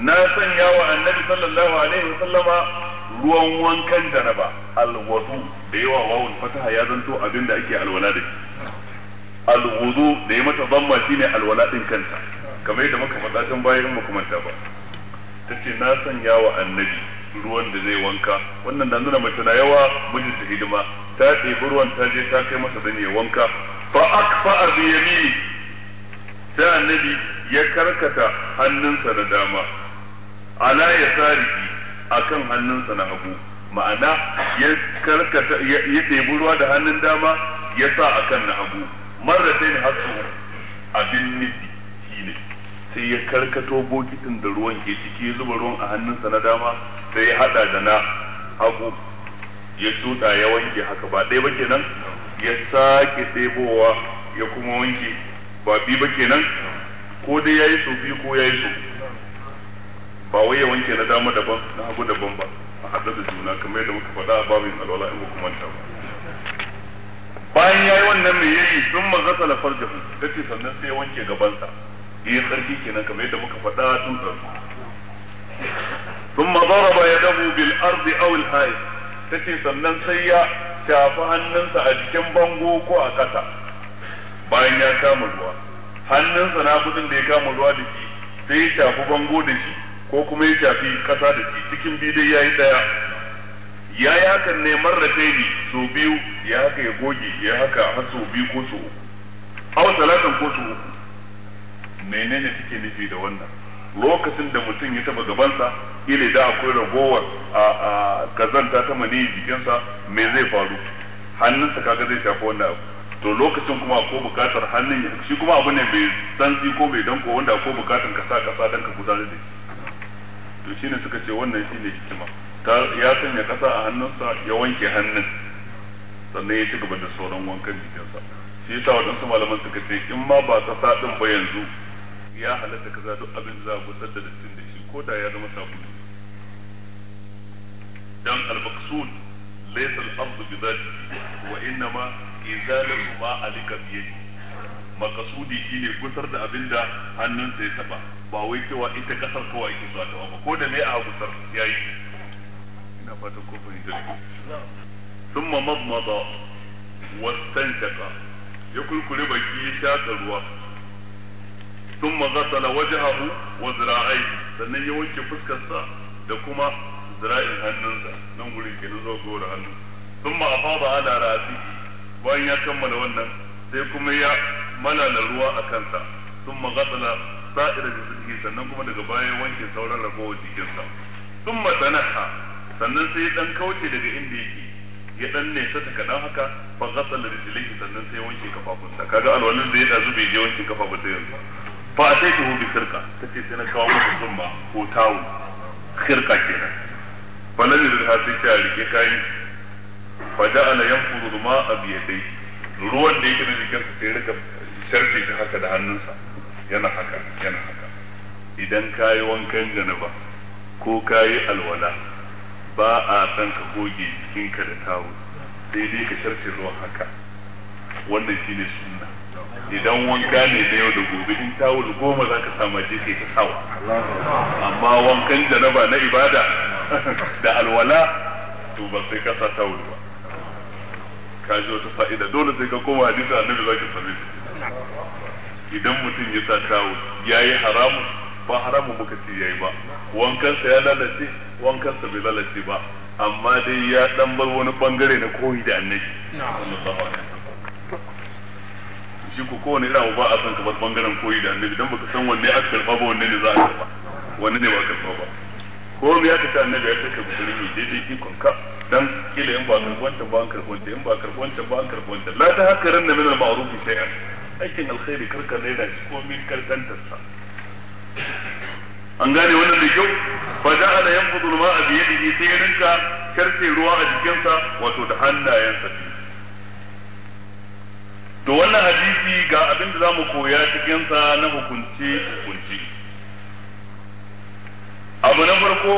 na sanya wa annabi sallallahu alaihi wasallama ruwan wankan janaba alwudu da yawa wawun fataha ya zanto abin da ake alwala da alwudu da ya mata zamma shine alwala din kanta kamar yadda muka faɗa can baya in muka manta ba tace na sanya wa annabi ruwan da zai wanka wannan da nuna mace na yawa mijinta hidima ta ɗebi ruwan ta je ta kai masa da wanka fa akfa bi yamini sai annabi ya karkata hannunsa na dama ala ya sariki kan hannunsa na hagu ma'ana ya karkata ya ɗebi ruwa da hannun dama ya sa a kan na hagu na hasu abin nufi shine sai ya karkato bokitin da ruwan ke ciki ya zuba ruwan a hannunsa na dama sai ya hada da na hagu ya tuta ya wanke haka ba ɗaya ba kenan ya sake ɗebowa ya kuma wanke ba bi ba kenan ko dai yayi so bi ko yayi so ba wai ya wanke na dama daban na hagu daban ba a haɗa da juna kamar yadda muka faɗa a babin alwala in ku manta ba bayan yayi wannan me yayi sun magasala ta ce sannan sai wanke gabansa yi tsarki kenan kamar yadda muka faɗa tun Sun farko ثم ضرب يده بالارض او ta ce sannan sai ya shafi hannunsa a jikin bango ko a ƙasa bayan ya kama ruwa hannunsa na kudin da ya kama ruwa da shi sai ya shafi bango da shi ko kuma ya shafi kasa da shi cikin bidai ya yi daya ya yi hakan ne marrafe ne sau biyu ya haka ya goge ya haka har sau biyu ko sau uku hau talatin ko sau uku menene suke nufi da wannan lokacin da mutum ya taba gabansa ile da akwai ragowar a kazanta ta mani jikinsa me zai faru hannunsa kaga zai shafi wannan abu to lokacin kuma ko bukatar hannun ya shi kuma abu ne mai santsi ko mai danko wanda ko bukatar ka sa kasa don ka gudanar da to shi ne suka ce wannan ne hikima ta ya sanya kasa a hannunsa ya wanke hannun sannan ya ci gaba da sauran wankan jikinsa shi yasa waɗansu malaman suka ce in ma ba ta sadin ba yanzu ya halatta kaza duk abin za a gusar da dattin da shi ko da ya zama sabulu dan al-maqsud laysa al-ardu bi dhatihi wa ma izalatu ma alika biyadi makasudi shine gusar da abinda hannunsa ya taba ba wai cewa ita kasar kawai ke zuwa ta ba ko da me a gusar yayi ina fatan ko fahimta thumma madmada wastanshaka ya kulkure baki ya shaka ruwa thumma ghasala wajhahu wa zira'ai sannan ya wanke fuskarsa da kuma zira'in hannunsa nan gurin kenan zuwa gora hannu thumma afada ala ra'sihi bayan ya kammala wannan sai kuma ya malala ruwa a kansa sun magasala sa'ira da suke sannan kuma daga baya wanke sauran ragowar jikinsa sun matsanaha sannan sai ya dan kauce daga inda yake ya dan nesa ta kaɗan haka fa gasala rijlaihi sannan sai wanke kafafunsa kaga alwalin da ya dazu bai je wanke kafafu ta yanzu fa ataituhu bi khirqa tace sai na kawo masa zumba ko tawo khirqa kenan fa lam yurha sai ta rike kayan fa ja'ala yanfudhu ma'a bi ruwan da yake na jikinsa sai rika sharfe shi haka da hannunsa yana haka yana haka idan ka yi wankan janaba ko ka yi alwala ba a san ka goge jikinka da tawo sai dai ka sharce ruwan haka wannan shine sunna idan wanka ne da yau da gobe in tawul goma za ka sama je kai ka sawa amma wankan janaba na ibada da alwala to ba sai ka sa tawul ba ka ji wata fa'ida dole sai ka koma hadisi annabi zaki same shi idan mutum ya sa kawo yi haramun ba haramun muka ce yi ba wankansa ya lalace wankansa bai lalace ba amma dai ya dan bar wani bangare na koyi da annabi shi ko kowane irin ba a san ka bangaren koyi da annabi dan baka san wanne aka karba ba wanne ne za a karba wanne ne ba karba ba ko ya ka ta annabi ya saka gudunmi daidai ikon ka dan kila in ba karbi wancan ba an karbi wancan in ba karbi wancan ba an karbi wancan la ta haka ranna min al-ma'ruf shay'an aikin alkhairi karka raina shi ko min karkantar sa an gane wannan da kyau fa ja'ala yanfudu al-ma'a bi yadihi sai ya rinka karce ruwa a jikinsa wato da hannayensa to wannan hadisi ga abin da zamu koya cikin sa na hukunci hukunci abu na farko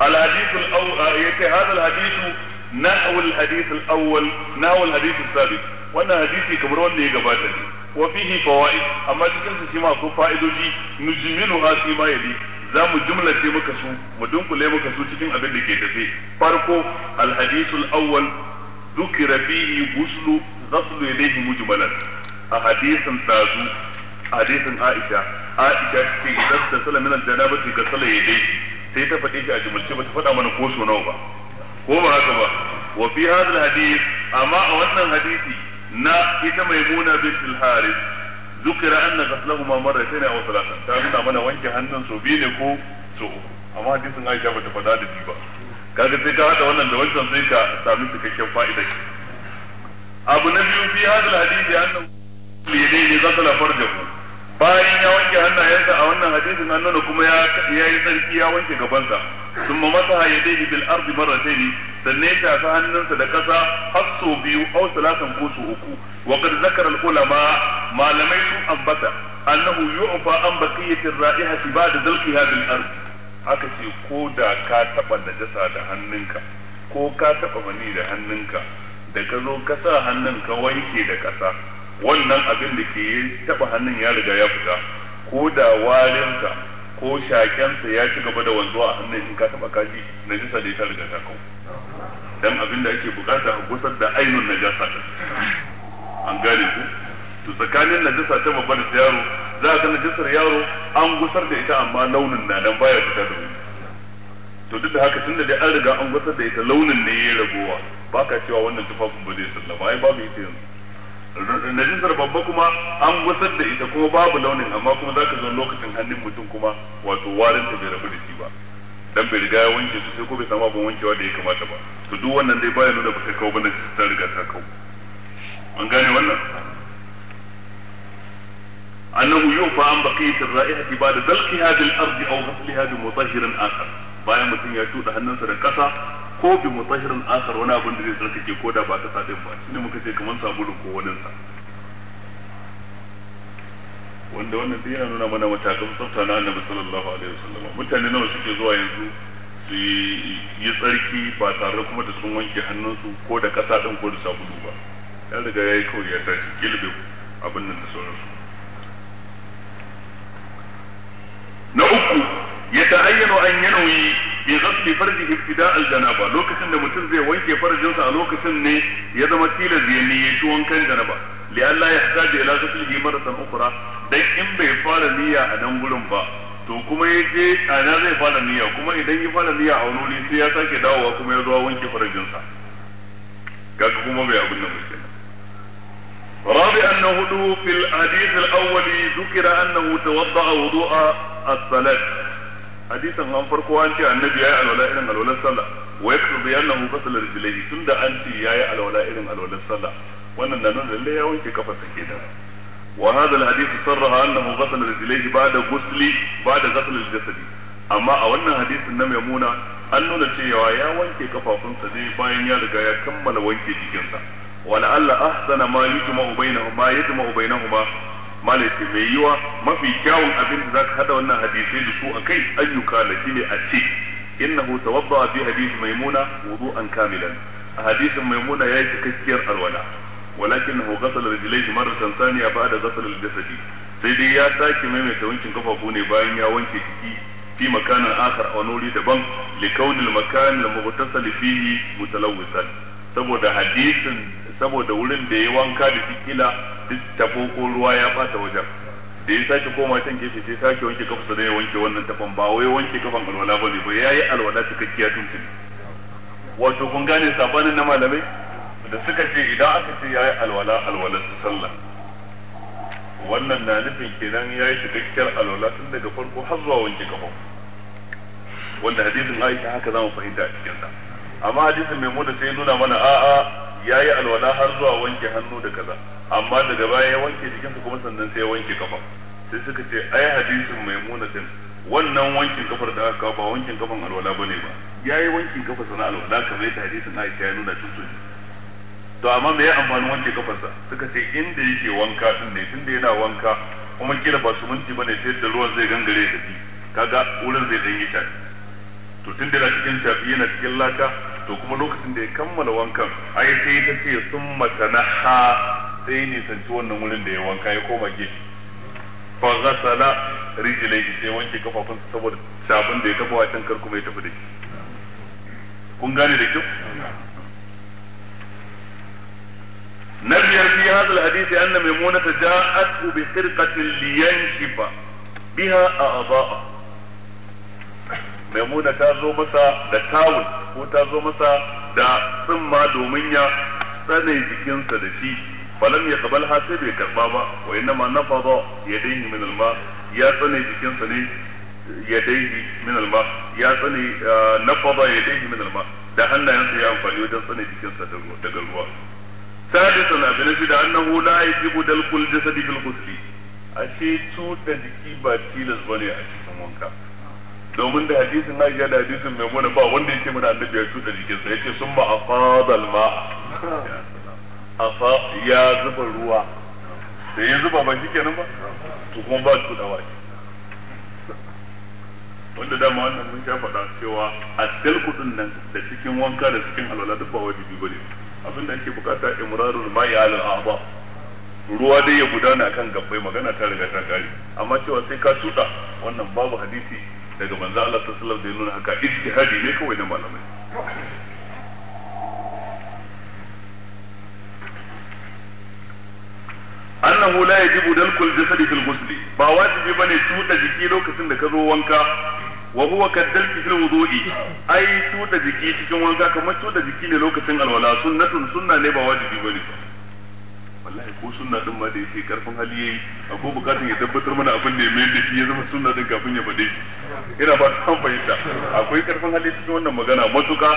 الحديث الأول هذا الحديث نحو الحديث الأول نحو الحديث السابق وأن حديثي كبرون لي قباتني وفيه فوائد أما تكن سيما أكو فائد جي نجملها فيما يلي زام جملة مكسو ودنك لي مكسو تكن أبن لكي تفي فاركو الحديث الأول ذكر فيه غسل غسل يديه مجملا أحاديث تازو حديث عائشة عائشة في إذا اغتسل من الجنابة غسل يديه sai ta faɗi shi a jumulce ba ta faɗa mana ko so nawa ba ko ba haka ba wa fi hadal hadith amma a wannan hadisi na ita maimuna bint al-haris zukira anna ghaslahuma a wasu thalathan ta nuna mana wanke hannun so biyu ne ko so amma hadisin Aisha ba ta faɗa da shi ba kaga sai ta hada wannan da wancan sai ka sami cikakken fa'ida abu na biyu fi hadal hadisi annahu yadayni ghasala farjahu bayan ya wanke hannayensa a wannan hadisin an nuna kuma ya yi tsarki ya wanke gabansa sun ma masa yadayhi bil ardi marratayn sannan ya tafi hannunsa da kasa har sau biyu au salatan ko su uku wa qad ulama malamai sun ambata annahu yu'fa an baqiyati ar-ra'ihati ba'da dalqiha bil ardi aka ce ko da ka taba najasa da hannunka ko ka taɓa mani da hannunka da ka zo ka sa hannun ka wanke da kasa wannan abin da ke taba hannun ya riga ya fita ko da warinsa ko shakensa ya ci gaba da wanzuwa a hannun in ka taba kashi najasa da ita riga ta kau dan abin da ake bukata a gusar da na najasa ta an gane ku to tsakanin najasa ta babba da yaro za ga najasar yaro an gusar da ita amma launin na dan baya fita da wuri to duk da haka tunda dai an riga an gusar da ita launin ne ya ragowa baka cewa wannan tufafin ba zai sallama ai babu ita yanzu najisar babba kuma an wasar da ita kuma babu launin amma kuma zaka zo lokacin hannun mutum kuma wato warin ta bai rabu da shi ba dan bai riga ya wanke su sai ko bai samu abin wankewa da ya kamata ba to duk wannan dai baya nuna ba ta kawo ba na ta riga ta kawo an gane wannan annahu yufa an baqiyat ar-ra'ihati ba'da hadhihi al ardi aw ghasliha bi mutahhirin akhar bayan mutum ya tuda hannunsa da kasa ko bi mutahirin akar wani abin da zai tsarkake ko da ba ta sadin ba shine muka ce kamar sabulu ko wani sa wanda wannan duk yana nuna mana matakan tsafta na annabi sallallahu alaihi wasallam mutane nawa suke zuwa yanzu su yi tsarki ba tare kuma da sun wanke hannunsu ko da kasa din ko da sabulu ba ya riga ya yi kawai ya tashi gilbe abin nan da sauransu na uku ya ta ayyana an yanayi bi ghasli farji ibtida al janaba lokacin da mutum zai wanke sa a lokacin ne ya zama tilas ya niyyaci wankan janaba li Allah ya ila ghaslihi maratan ukhra dan in bai fara niyya a nan gurin ba to kuma ya je a zai fara niyya kuma idan ya fara niyya a wani sai ya sake dawowa kuma ya zo wanke sa kaga kuma bai abin nan ba رابعا هدو في الحديث الأول ذكر أنه توضأ وضوء الصلاة hadisin an farko an ce annabi yayi alwala irin alwalar sallah wa yaktubi annahu ghasala rijlaihi tunda an ce yayi alwala irin alwalar sallah wannan nan lalle ya wanke kafa sake da wa hadha alhadith sarraha annahu ghasala rijlaihi ba'da ghusli ba'da ghasl aljasad amma a wannan hadisin na maimuna an nuna cewa ya wanke kafafunsa ne bayan ya riga ya kammala wanke jikinsa wala alla ahsana ma yutma'u bainahuma ma yutma'u bainahuma malaki mai yiwa mafi kyawun abin da zaka haɗa wannan hadisai da su akai ayyuka da shine a ce innahu tawadda fi hadisi maimuna wudu'an kamilan a hadisin maimuna yayi cikakkiyar alwala walakinahu ghasala rijlaihi marratan thaniya ba'da ghasal al-jasadi sai dai ya sake maimaita wankin kafafu ne bayan ya wanke jiki fi makanin akhar a wani wuri daban li kaunil makan al-mughtasil fihi mutalawwisan saboda hadisin saboda wurin da ya wanka da shi kila duk tafo ko ruwa ya bata wajen da ya sake koma can gefe sai sake wanke kafa da ya wanke wannan tafan ba wai wanke kafan alwala ba ne ba ya yi alwala cikakkiya tuntuni wato kun gane sabanin na malamai da suka ce idan aka ce ya yi alwala alwala su sallah wannan na nufin kenan ya yi cikakkiyar alwala tun daga farko har zuwa wanke kafa wanda hadisin Aisha haka zamu fahimta a cikin sa amma hadisin mai mu sai nuna mana a'a ya yi alwala har zuwa wanke hannu da kaza amma daga baya ya wanke jikinsa kuma sannan sai ya wanke kafa sai suka ce ai hadisin mai munatin wannan wankin kafar da aka kawo ba wankin kafan alwala bane ba ya yi wankin kafa sana alwala kamar yadda hadisin Aisha ya nuna tun to amma me ya amfani wanke kafarsa suka ce inda yake wanka din ne tunda yana wanka kuma kila ba su minti bane sai da ruwan zai gangare da shi kaga wurin zai danyi shafi to tunda yana cikin shafi yana cikin laka to kuma lokacin da ya kammala wankan ai sai ta ce sun ha sai nisanci wannan wurin da ya wanka ya koma gefe fa ghasala rijlaihi sai wanke kafafun saboda shafin da ya taba wa kar kuma ya tafi da shi kun gane da kyau na biyar fi hadal hadisi anna maimunata ja'at bi khirqatin liyanshifa biha a'dha'a maimuna ta zo masa da tawul ko ta zo masa da tsumma domin ya tsane jikinsa da shi falam ya kabal ha sai bai karba ba wa inna ma ya yadayhi min alma ya tsane jikinsa ne ya yadayhi min alma ya tsane ya ah, yadayhi min alma da hannayensa ya amfani wajen tsane jikinsa daga ruwa sadisan abin shi da annahu la yajibu dalkul jasadi bil ghusli ashe cuta jiki ba tilas bane a cikin wanka domin da hadisin Aisha da hadisin muna ba wanda yake mana annabi ya jikin jikinsa yace ba afadal ma afa ya zuba ruwa sai ya zuba ba nan ba to kuma ba tudawa wanda dama wannan mun sha faɗa cewa a din nan da cikin wanka da cikin alwala duk ba wajibi bane abinda ake bukata imrarul ma'i alal a'ba ruwa dai ya gudana kan gabbai magana ta riga ta kare amma cewa sai ka tuda wannan babu hadisi daga manzo Allah sallallahu alaihi wasallam da ya nuna haka ijtihadi ne kawai na malamai annahu la yajibu dalkul jasadi fil ghusli ba wajibi bane tuda jiki lokacin da ka zo wanka wa huwa kaddalki fil wudu'i ai tuda jiki cikin wanka kamar tuda jiki ne lokacin alwala sunnatun sunna ne ba wajibi bane wallahi ko sunna din ma da yake karfin hali yayi akwai bukatun ya tabbatar mana abin da ya mai da shi ya zama sunna din kafin ya bade shi ina ba ta fahimta akwai karfin hali cikin wannan magana matuka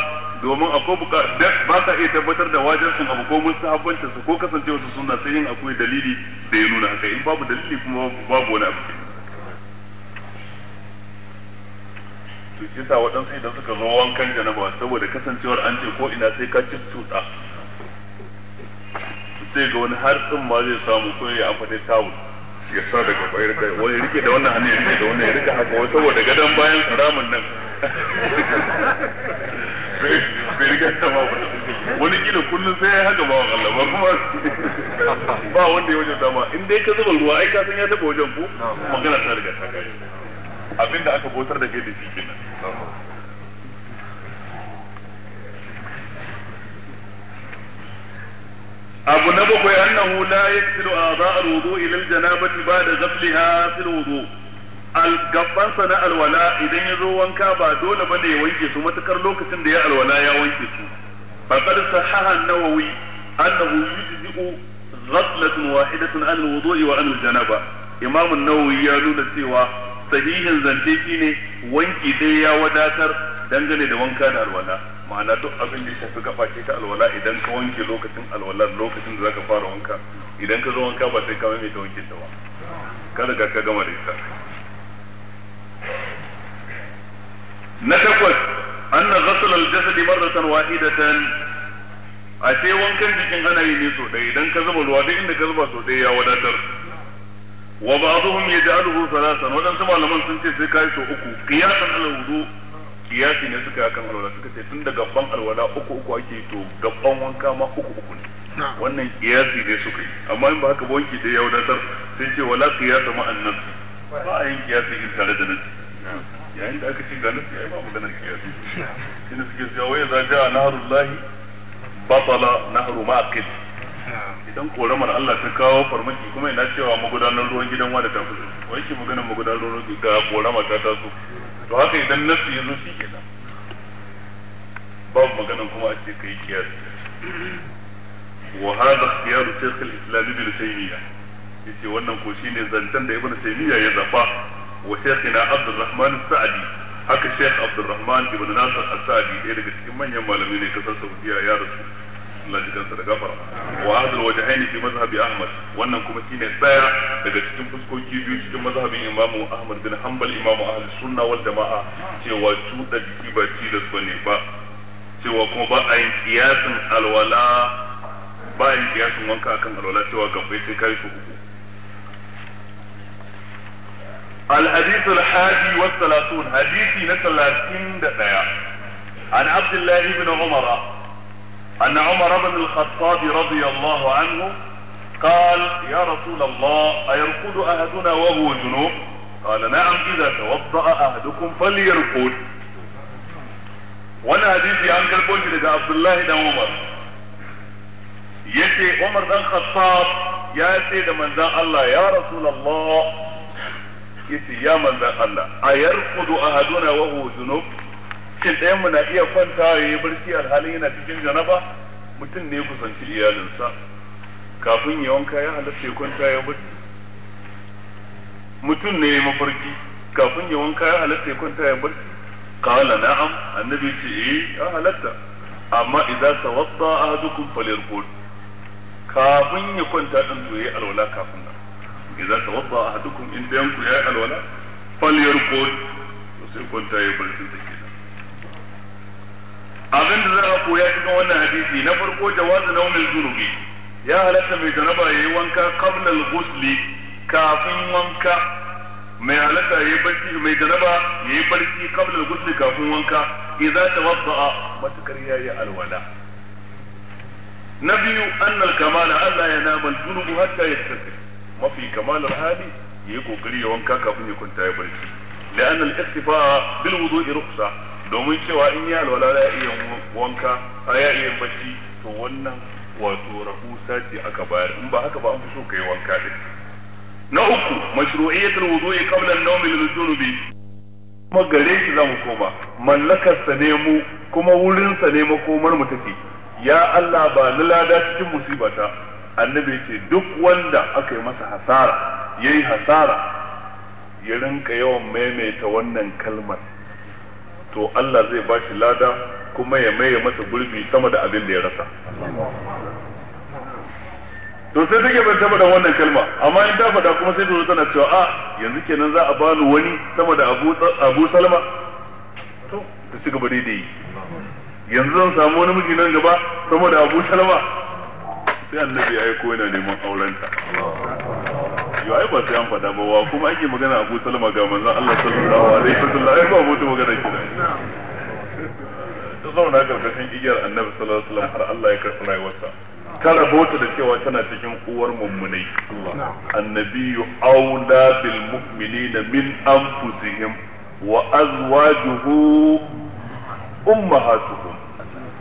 domin akwai bukatun ba ka iya tabbatar da wajibcin abu ko mun san su ko kasancewa su sunna sai yin akwai dalili da ya nuna haka in babu dalili kuma babu wani abu to shi waɗansu idan suka zo wankan janaba saboda kasancewar an ce ko ina sai ka cin tuta sai ga wani har din ma zai samu ko ya amfani tawul ya sa daga bayar da wani rike da wannan hannun ya rike da wannan ya rike haka wata saboda gadon bayan karamin nan bai rike ta ma wani kila kullum sai ya haka ba wa kallaba kuma ba wanda ya wajen dama in dai ka zuba ruwa ai ka san ya taba wajen ku magana ta riga ta kai abinda aka bautar da kai da shi kenan abu na bakwai annahu la yaksiru a'dha al-wudu ila al-janabati ba'da ghasliha fil wudu al sana alwala idan yazo wanka ba dole bane ya wanke su matakar lokacin da ya alwala ya wanke su faqad sahaha an-nawawi annahu yujzi'u ghaslatun wahidatun an al-wudu'i wa an al-janaba imam an-nawawi ya nuna cewa sahihin zance shine wanki dai ya wadatar dangane da wanka da alwala ma'ana duk abin da shafi gaba ce ta alwala idan ka wanke lokacin alwala lokacin da zaka fara wanka idan ka zo wanka ba sai ka mai ta wanke ta ba ka riga ka gama da ita na takwas anna ghasl al-jasad marratan wahidatan a ce wankan jikin ana yi ne so ɗaya idan ka zuba ruwa duk inda ka zuba so ɗaya ya wadatar wa ba'dhum yaj'aluhu thalathan wadansu malaman sun ce sai kai so uku qiyasan al-wudu kiyasi ne suka kan alwala suka ce tun da gaban alwala uku uku ake to gaban wanka ma uku uku ne wannan kiyasi ne suka yi amma in ba haka ba wanki da ya wadatar sai ce wala kiyasa ma annas ba a yin kiyasi in tare da nasi yayin da aka ce ga nasi ai ba maganar kiyasi shi ne suke cewa wai za ja nahrullahi batala a kai idan koramar Allah ta kawo farmaki kuma ina cewa magudanar ruwan gidan wa da ta fito wai ke maganar magudanar ruwan da korama ta taso to haka idan nasu ya zo shi babu maganan kuma a ce kai kiyasi wa hada ikhtiyar shaykh al-islam ibn taymiyyah yace wannan ko shine zancen da ibn taymiyyah ya zafa wa shekina abdurrahman as haka shaykh abdurrahman ibn nasar as saadi ɗaya daga cikin manyan malamai ne kasar saudiya ya rasu Allah ya kansa da gafara wa hadal wajhain fi mazhabi Ahmad wannan kuma shine tsaya daga cikin fuskoki biyu cikin mazhabin Imam Ahmad bin Hanbal Imam Ahlus Sunna wal Jama'a cewa cuɗa jiki ba da bane ba cewa kuma ba a yin kiyasin alwala ba a yin kiyasin wanka akan alwala cewa gabbai sai kai su uku الحديث الحادي والثلاثون حديثي نتلاتين دقيقة عن عبد الله بن عمر أن عمر بن الخطاب رضي الله عنه قال يا رسول الله أيرقد أحدنا وهو جنوب قال نعم إذا توضأ أحدكم فليرقد wani hadisi an karɓo shi daga Abdullahi dan Umar yace Umar dan Khattab ya ce da manzon Allah ya Rasulullah yace ya manzon Allah ayarqudu ahaduna wa huwa junub shin ɗayan mu na iya kwantawa ya yi barci alhalin yana cikin janaba mutum ne kusanci iyalinsa kafin ya wanka ya halatta ya kwanta ya barci mutum ne mafarki kafin ya wanka ya halatta ya kwanta ya barci kala na'am annabi ce eh ya halatta amma a tawadda ahadukum falyarqud kafin ya kwanta din to yayi alwala kafin nan idza tawadda ahadukum in dayan ku yayi alwala falyarqud to sai kwanta ya barci abin da za a koya cikin wannan hadisi na farko jawazu wani zunubi ya halatta mai janaba ya yi wanka qabla gusli kafin wanka mai halatta ya yi barci mai janaba ya yi barci qabla gusli kafin wanka idza matukar ya yi alwala na biyu annal kamala Allah ya nama al-junubu hatta tafi mafi kamalar hali ya yi kokari ya wanka kafin ya kwanta ya barci لأن الاختفاء بالوضوء رخصة domin cewa in ya alwala ya iya wanka a ya iya bacci to wannan wato rahusa ce aka bayar in ba haka ba an fi so ka yi wanka din na uku mashru'iyatul wudu'i qabla an wani lil-junubi kuma gare shi zamu koma mallakar sa ne mu kuma wurin sa ne makomar mu take ya Allah ba ni lada cikin musibata annabi ce duk wanda aka yi masa hasara yayi hasara ya rinka yawan maimaita wannan kalmar to Allah zai ba shi lada kuma ya maye masa gurbi sama da abin da ya rasa to sai take ban sama da wannan kalma amma in ta faɗa kuma sai zo tana cewa a yanzu kenan za a bani wani sama da Abu Salma to ta ci gaba daidai yanzu zan samu wani miji nan gaba sama da Abu Salma sai annabi ya aiko yana neman aurenta yo ai ba sai an faɗa ba wa kuma ake magana Abu Salama ga manzon Allah sallallahu alaihi wasallam ai ba mutu magana kina ta zauna karkashin igiyar Annabi sallallahu alaihi wasallam har Allah ya karɓi rayuwarsa ta rabota da cewa tana cikin uwar mummunai annabiyyu aula bil mu'minina min anfusihim wa azwajuhu ummahatuhum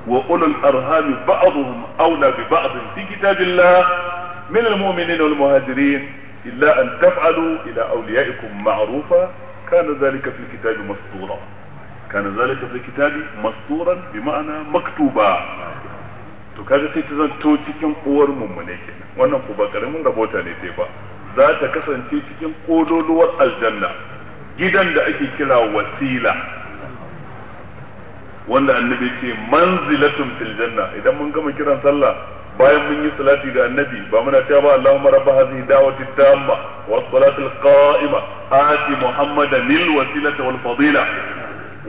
wa ulul arham ba'dhum aula bi ba'd fi kitabillah min al mu'minina wal muhajirin إلا أن تفعلوا إلى أوليائكم معروفا كان ذلك في الكتاب مسطورا كان ذلك في الكتاب مسطورا بمعنى مكتوبا to kaga sai ta zanto cikin uwar mummune kenan wannan ku ba karamin rabota ne sai ba za ta kasance cikin kodoluwar aljanna gidan da ake kira wasila wanda annabi ce manzilatun fil janna idan mun gama kiran sallah bayan mun yi salati ga annabi ba muna ta ba Allahumma rabb hadhihi da'wati tamma wa salatul qa'ima ati muhammada lil wasilati wal fadila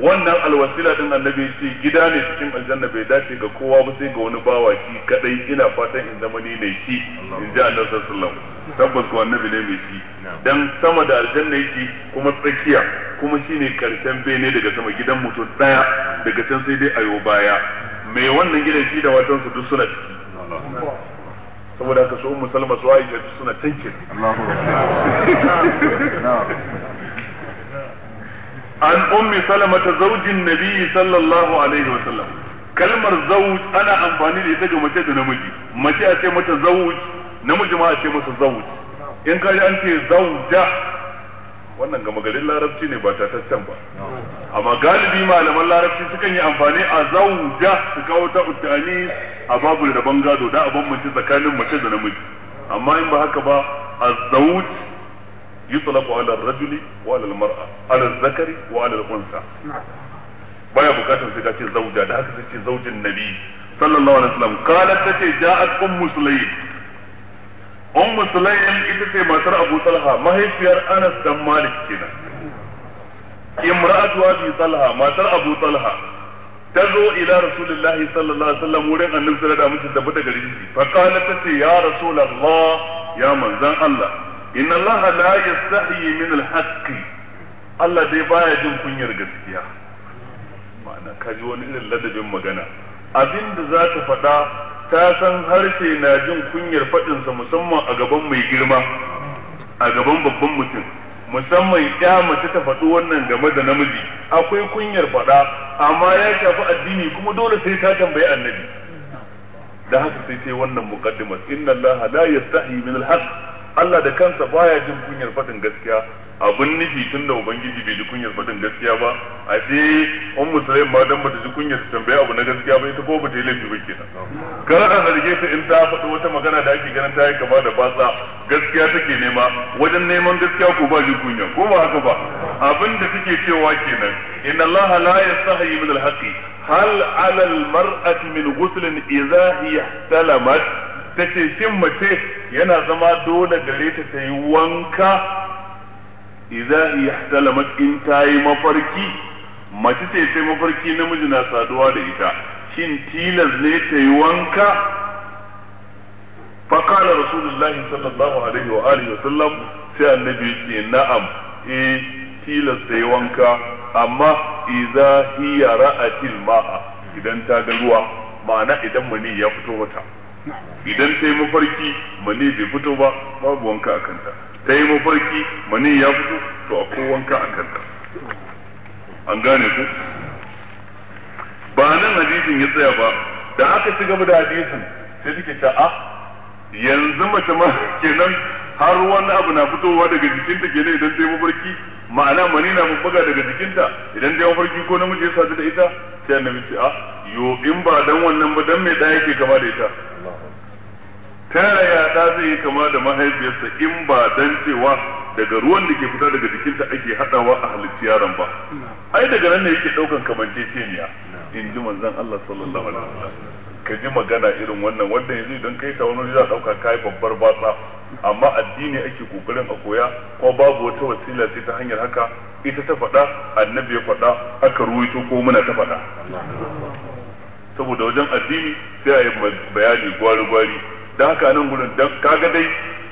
wannan wasila din annabi shi gida ne cikin aljanna bai dace ga kowa ba sai ga wani bawa shi kadai ina fatan in zama ni ne shi in ji Allah sallallahu tabbas ko annabi ne mai shi dan sama da aljanna yake kuma tsakiya kuma shine karshen bene daga sama gidan mutum daya daga can sai dai ayo baya mai wannan gidan shi da watan su duk suna ciki saboda haka su ummu salma su aisha suna tankin an ummi salma ta zaujin nabi sallallahu alaihi wa sallam kalmar zauj ana amfani da ita ga mace da namiji mace a ce mata zauj namiji ma a ce masa zauj in kaji an ce zauja wannan gama garin larabci ne ba ta tataccen ba amma galibi malaman larabci sukan yi amfani a zauja su kawo ta utani a babu da ban gado da abin mace tsakanin mace da namiji amma in ba haka ba a azzawuj yutlaqu ala ar-rajuli wa ala mara ala zakari wa ala unsa baya bukatar sai ka ce zauja da haka sai ce zaujin nabi sallallahu alaihi wasallam qalat ce ja'at ummu sulaym ummu sulaim ita ce matar abu talha mahaifiyar anas dan malik kenan imra'atu abi talha matar abu talha ta zo ila rasulullahi sallallahu alaihi wasallam wurin annabi sallallahu alaihi wasallam tabbata gare shi fa ta ce ya rasulullah ya manzan Allah Allah la yastahi min al-haqq Allah dai baya jin kunyar gaskiya ma'ana kaji wani irin ladabin magana abinda za ta faɗa ta san harshe na jin kunyar faɗinsa musamman a gaban mai girma a gaban babban mutum musamman ya mace ta faɗi wannan game da namiji akwai kunyar faɗa amma ya shafi addini kuma dole sai ta tambayi annabi da haka sai sai wannan muqaddimat inna allaha la yastahi min alhaq Allah da kansa baya jin kunyar faɗin gaskiya Abin nufi tun da ubangiji bai ji kunyar faɗin gaskiya ba a ce an musulai ma dan bata ji kunyar ta tambaye abu na gaskiya ba ita ko bata yi laifi ba ke nan kar a zarge ta in ta faɗi wata magana da ake ganin ta yi kama da batsa gaskiya take nema wajen neman gaskiya ko ba ji kunya ko ba haka ba abin da take cewa kenan in Allah la yastahi min al-haqi hal ala al-mar'ati min ghuslin idha hiya talamat tace shin mace yana zama dole gare ta ta yi wanka idza ihtalamat in tayi mafarki mace ce sai mafarki namiji na saduwa da ita shin tilas ne ta yi wanka فقال rasulullahi sallallahu alaihi wa alihi wa sallam sai annabi ce na'am eh ta yi wanka amma iza hiya ra'atil ma'a idan ta ga ruwa ma'ana idan mani ya fito wata. idan ta yi mafarki mani bai fito ba babu wanka a kanta ta yi mafarki mani ya fito to akwai wanka a kanta an gane ku ba nan hadisin ya tsaya ba da aka ci gaba da hadisin sai suke ta a ah, yanzu mace ma kenan har wani abu na fitowa daga jikinta kenan idan ta yi mafarki ma'ana mani na buga daga jikinta idan dai mafarki ko namiji ya sadu da ita sai annabi ce a ah, yo in ba dan wannan ba dan mai da yake kama da ita tara ya da zai yi kama da mahaifiyarsa in ba dan cewa daga ruwan da ke fita daga jikinta ake hadawa a halitta yaron ba ai daga nan ne yake daukan kamanceceniya in ji manzon Allah sallallahu alaihi wasallam ka ji magana irin wannan wanda yanzu idan kai ta wani za dauka kai babbar batsa amma addini ake kokarin a koya ko babu wata wasila sai ta hanyar haka ita ta faɗa annabi ya faɗa aka ruwaito ko muna ta faɗa saboda wajen addini sai a yi bayani gwari-gwari don haka nan gudun don kaga dai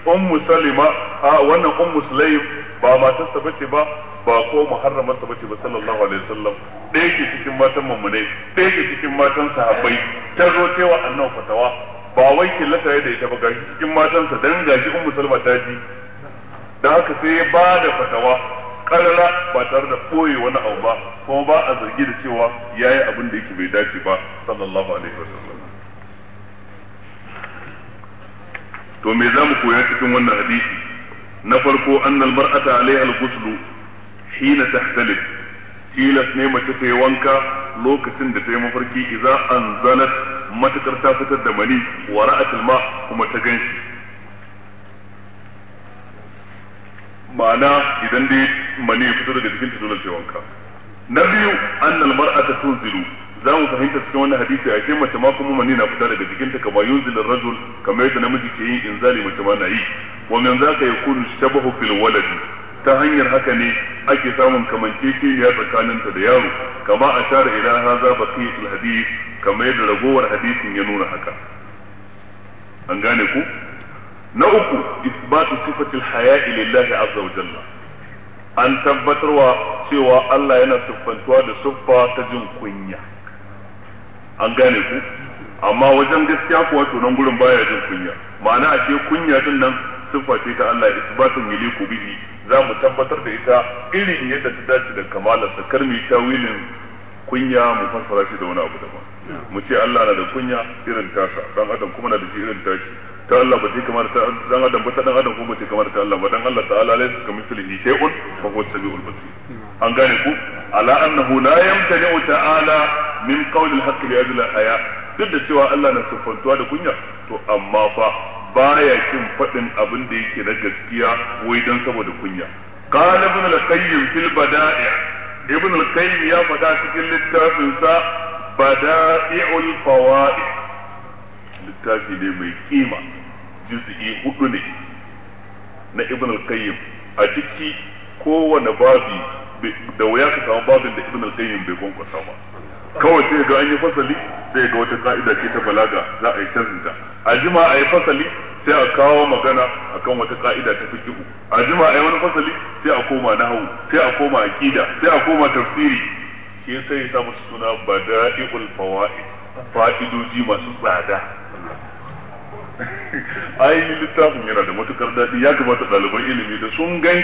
un salima a wannan un sulaim ba matarsa ba ba ko muharramarsa bace ba sallallahu alaihi wasallam ɗaya ke cikin matan mamunai ɗaya ke cikin matan sahabbai ta zo cewa annabi fatawa ba wai killata ya da ita ba gashi cikin matansa dan gashi ummu salma ta ji dan haka sai ya ba da fatawa karara ba tare da koyi wani abu ba kuma ba a zargi da cewa yayi abin da yake bai dace ba sallallahu alaihi wasallam to me zamu koya cikin wannan hadisi na farko annal mar'ata alaiha al hina tahtalif tilas ne mace ta yi wanka lokacin da ta yi mafarki idza anzalat matakar ta fitar da mani wa ra'atul ma kuma ta ganshi ma'ana idan dai mani ya fito daga jikin ta dole sai wanka na biyu annal mar'ata tunzilu za mu fahimta cikin wannan hadisi a ce mace ma kuma mani na fita daga jikinta kamar yunzilin rajul kamar yadda namiji ke yin inzali mace ma na yi wa min zaka yakunu shabahu fil waladi ta hanyar haka ne ake samun kamanceceniya tsakaninta da yaro kama a share ila haza kai, hadith kamar yadda ragowar hadisin ya nuna haka an gane ku na uku isbatu sifatil haya'i lillahi azza wa jalla an tabbatarwa cewa Allah yana siffantuwa da siffa ta jin kunya an gane ku amma wajen gaskiya kuwa wato nan gurin baya jin kunya ma'ana a kunya din nan siffa ce ta Allah isbatun yaliku bihi za mu tabbatar da ita irin yadda ta dace da kamalarsa kar mu yi kunya mu fassara shi da wani abu daban mu ce Allah na da kunya irin tasa dan adam kuma na da shi irin tashi ta Allah ba kamar ta dan adam ba ta dan adam kuma ba kamar ta Allah ba dan Allah ta'ala laysa kamithlihi shay'un fa huwa as-sami'ul basir an gane ku ala annahu la yamtani'u ta'ala min qawli al-haqqi bi ajli haya duk da cewa Allah na siffantuwa da kunya to amma fa baya kin faɗin abin da yake na gaskiya wai dan saboda kunya qala ibn al-qayyim fil bada'i ibn al-qayyim ya faɗa cikin littafin sa bada'i'ul fawaid littafi ne mai kima juz'i hudu ne na ibn al-qayyim a ciki kowane babi da wuya ka samu babin da ibn al-qayyim bai kwankwasa ba kawai sai ga an yi fasali sai ga wata ka'ida ce ta balaga za a yi canzin ta a jima a yi fasali sai a kawo magana akan wata ka'ida ta fiqhu a jima a yi wani fasali sai a koma nahawu sai a koma aqida sai a koma tafsiri shi sai ya sa suna bada'iul fawaid fa'idoji masu tsada ainihin littafin yana da matukar daɗi ya kamata ɗaliban ilimi da sun gan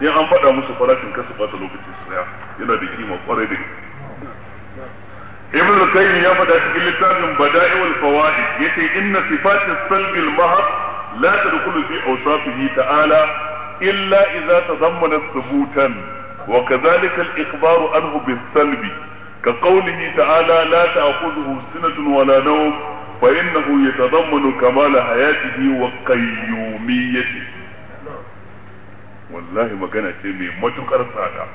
in an faɗa musu farashin kasu ɓata lokacin saya yana da kima kwarai da gaske ibn al-qayyim ya faɗa cikin littafin bada'iul fawaid yace inna sifat as-salb al-mahab la tadkhulu fi awsafihi ta'ala illa idza tadammana thubutan wa kadhalika al-ikhbaru anhu bis-salb ka qawlihi ta'ala la ta'khudhuhu sinatun wa la nawm fa innahu yatadammanu kamala hayatihi wa qayyumiyyatihi wallahi magana ce mai matukar sata,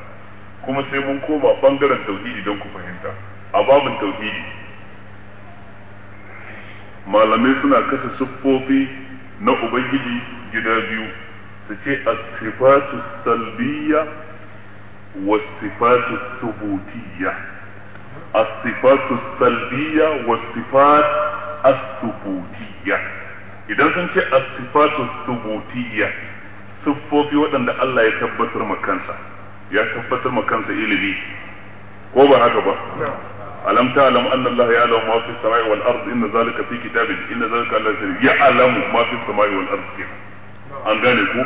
kuma sai mun koma bangaren tauhidi idan ku fahimta a babin tauhidi malamai suna kasa siffofi na ubangiji gida biyu su ce a sifatu salbiya wa sifatu subutiya a sifatu salbiya wa sifat as idan sun ce a sifatu subutiya siffofi waɗanda Allah ya tabbatar ma kansa ya tabbatar ma kansa ilimi ko ba haka ba alam ta'lam anna Allah ya'lamu ma fi samai wal ard inna zalika fi kitabin inna zalika Allah ya'lamu ma fi samai wal ard an gane ku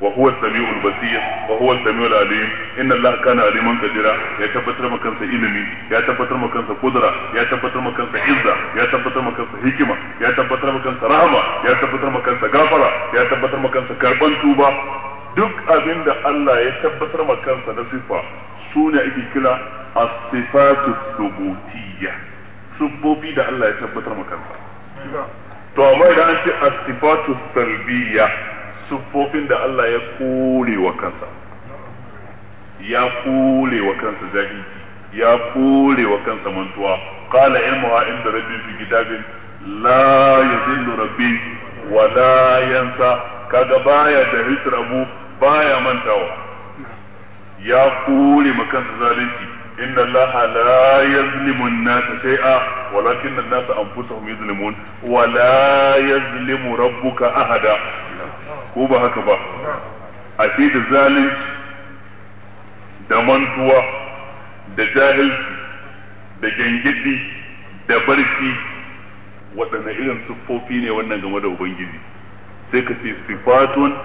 wa huwa as-sami'ul basir wa huwa as-sami'ul alim inna Allah kana aliman qadira ya tabbatar maka kansa ilimi ya tabbatar maka kansa kudura ya tabbatar maka kansa izza ya tabbatar maka kansa hikima ya tabbatar maka kansa rahama ya tabbatar maka kansa gafara ya tabbatar maka kansa karban tuba duk abinda Allah ya tabbatar maka kansa na sifa sune ake kira as-sifatu thubutiyya da Allah ya tabbatar maka to amma idan an ce as-sifatu salbiyya sufofin da Allah ya kore wa kansa ya kore wa kansa jahilci ya kore wa kansa mantuwa qala ilmuha inda rabbi fi kitabin la yadhillu rabbi wa la yansa kaga baya da hisrabu baya mantawa ya kore makan zalunci inna Allah la yazlimu an-nasa shay'a walakin an-nasa anfusahum yuzlimun wa la yazlimu rabbuka ahada ko ba haka ba a ce da zalunci da mantuwa da jahilci da gengidi da barci waɗanne irin siffofi ne wannan game da ubangiji sai ka ce sifatun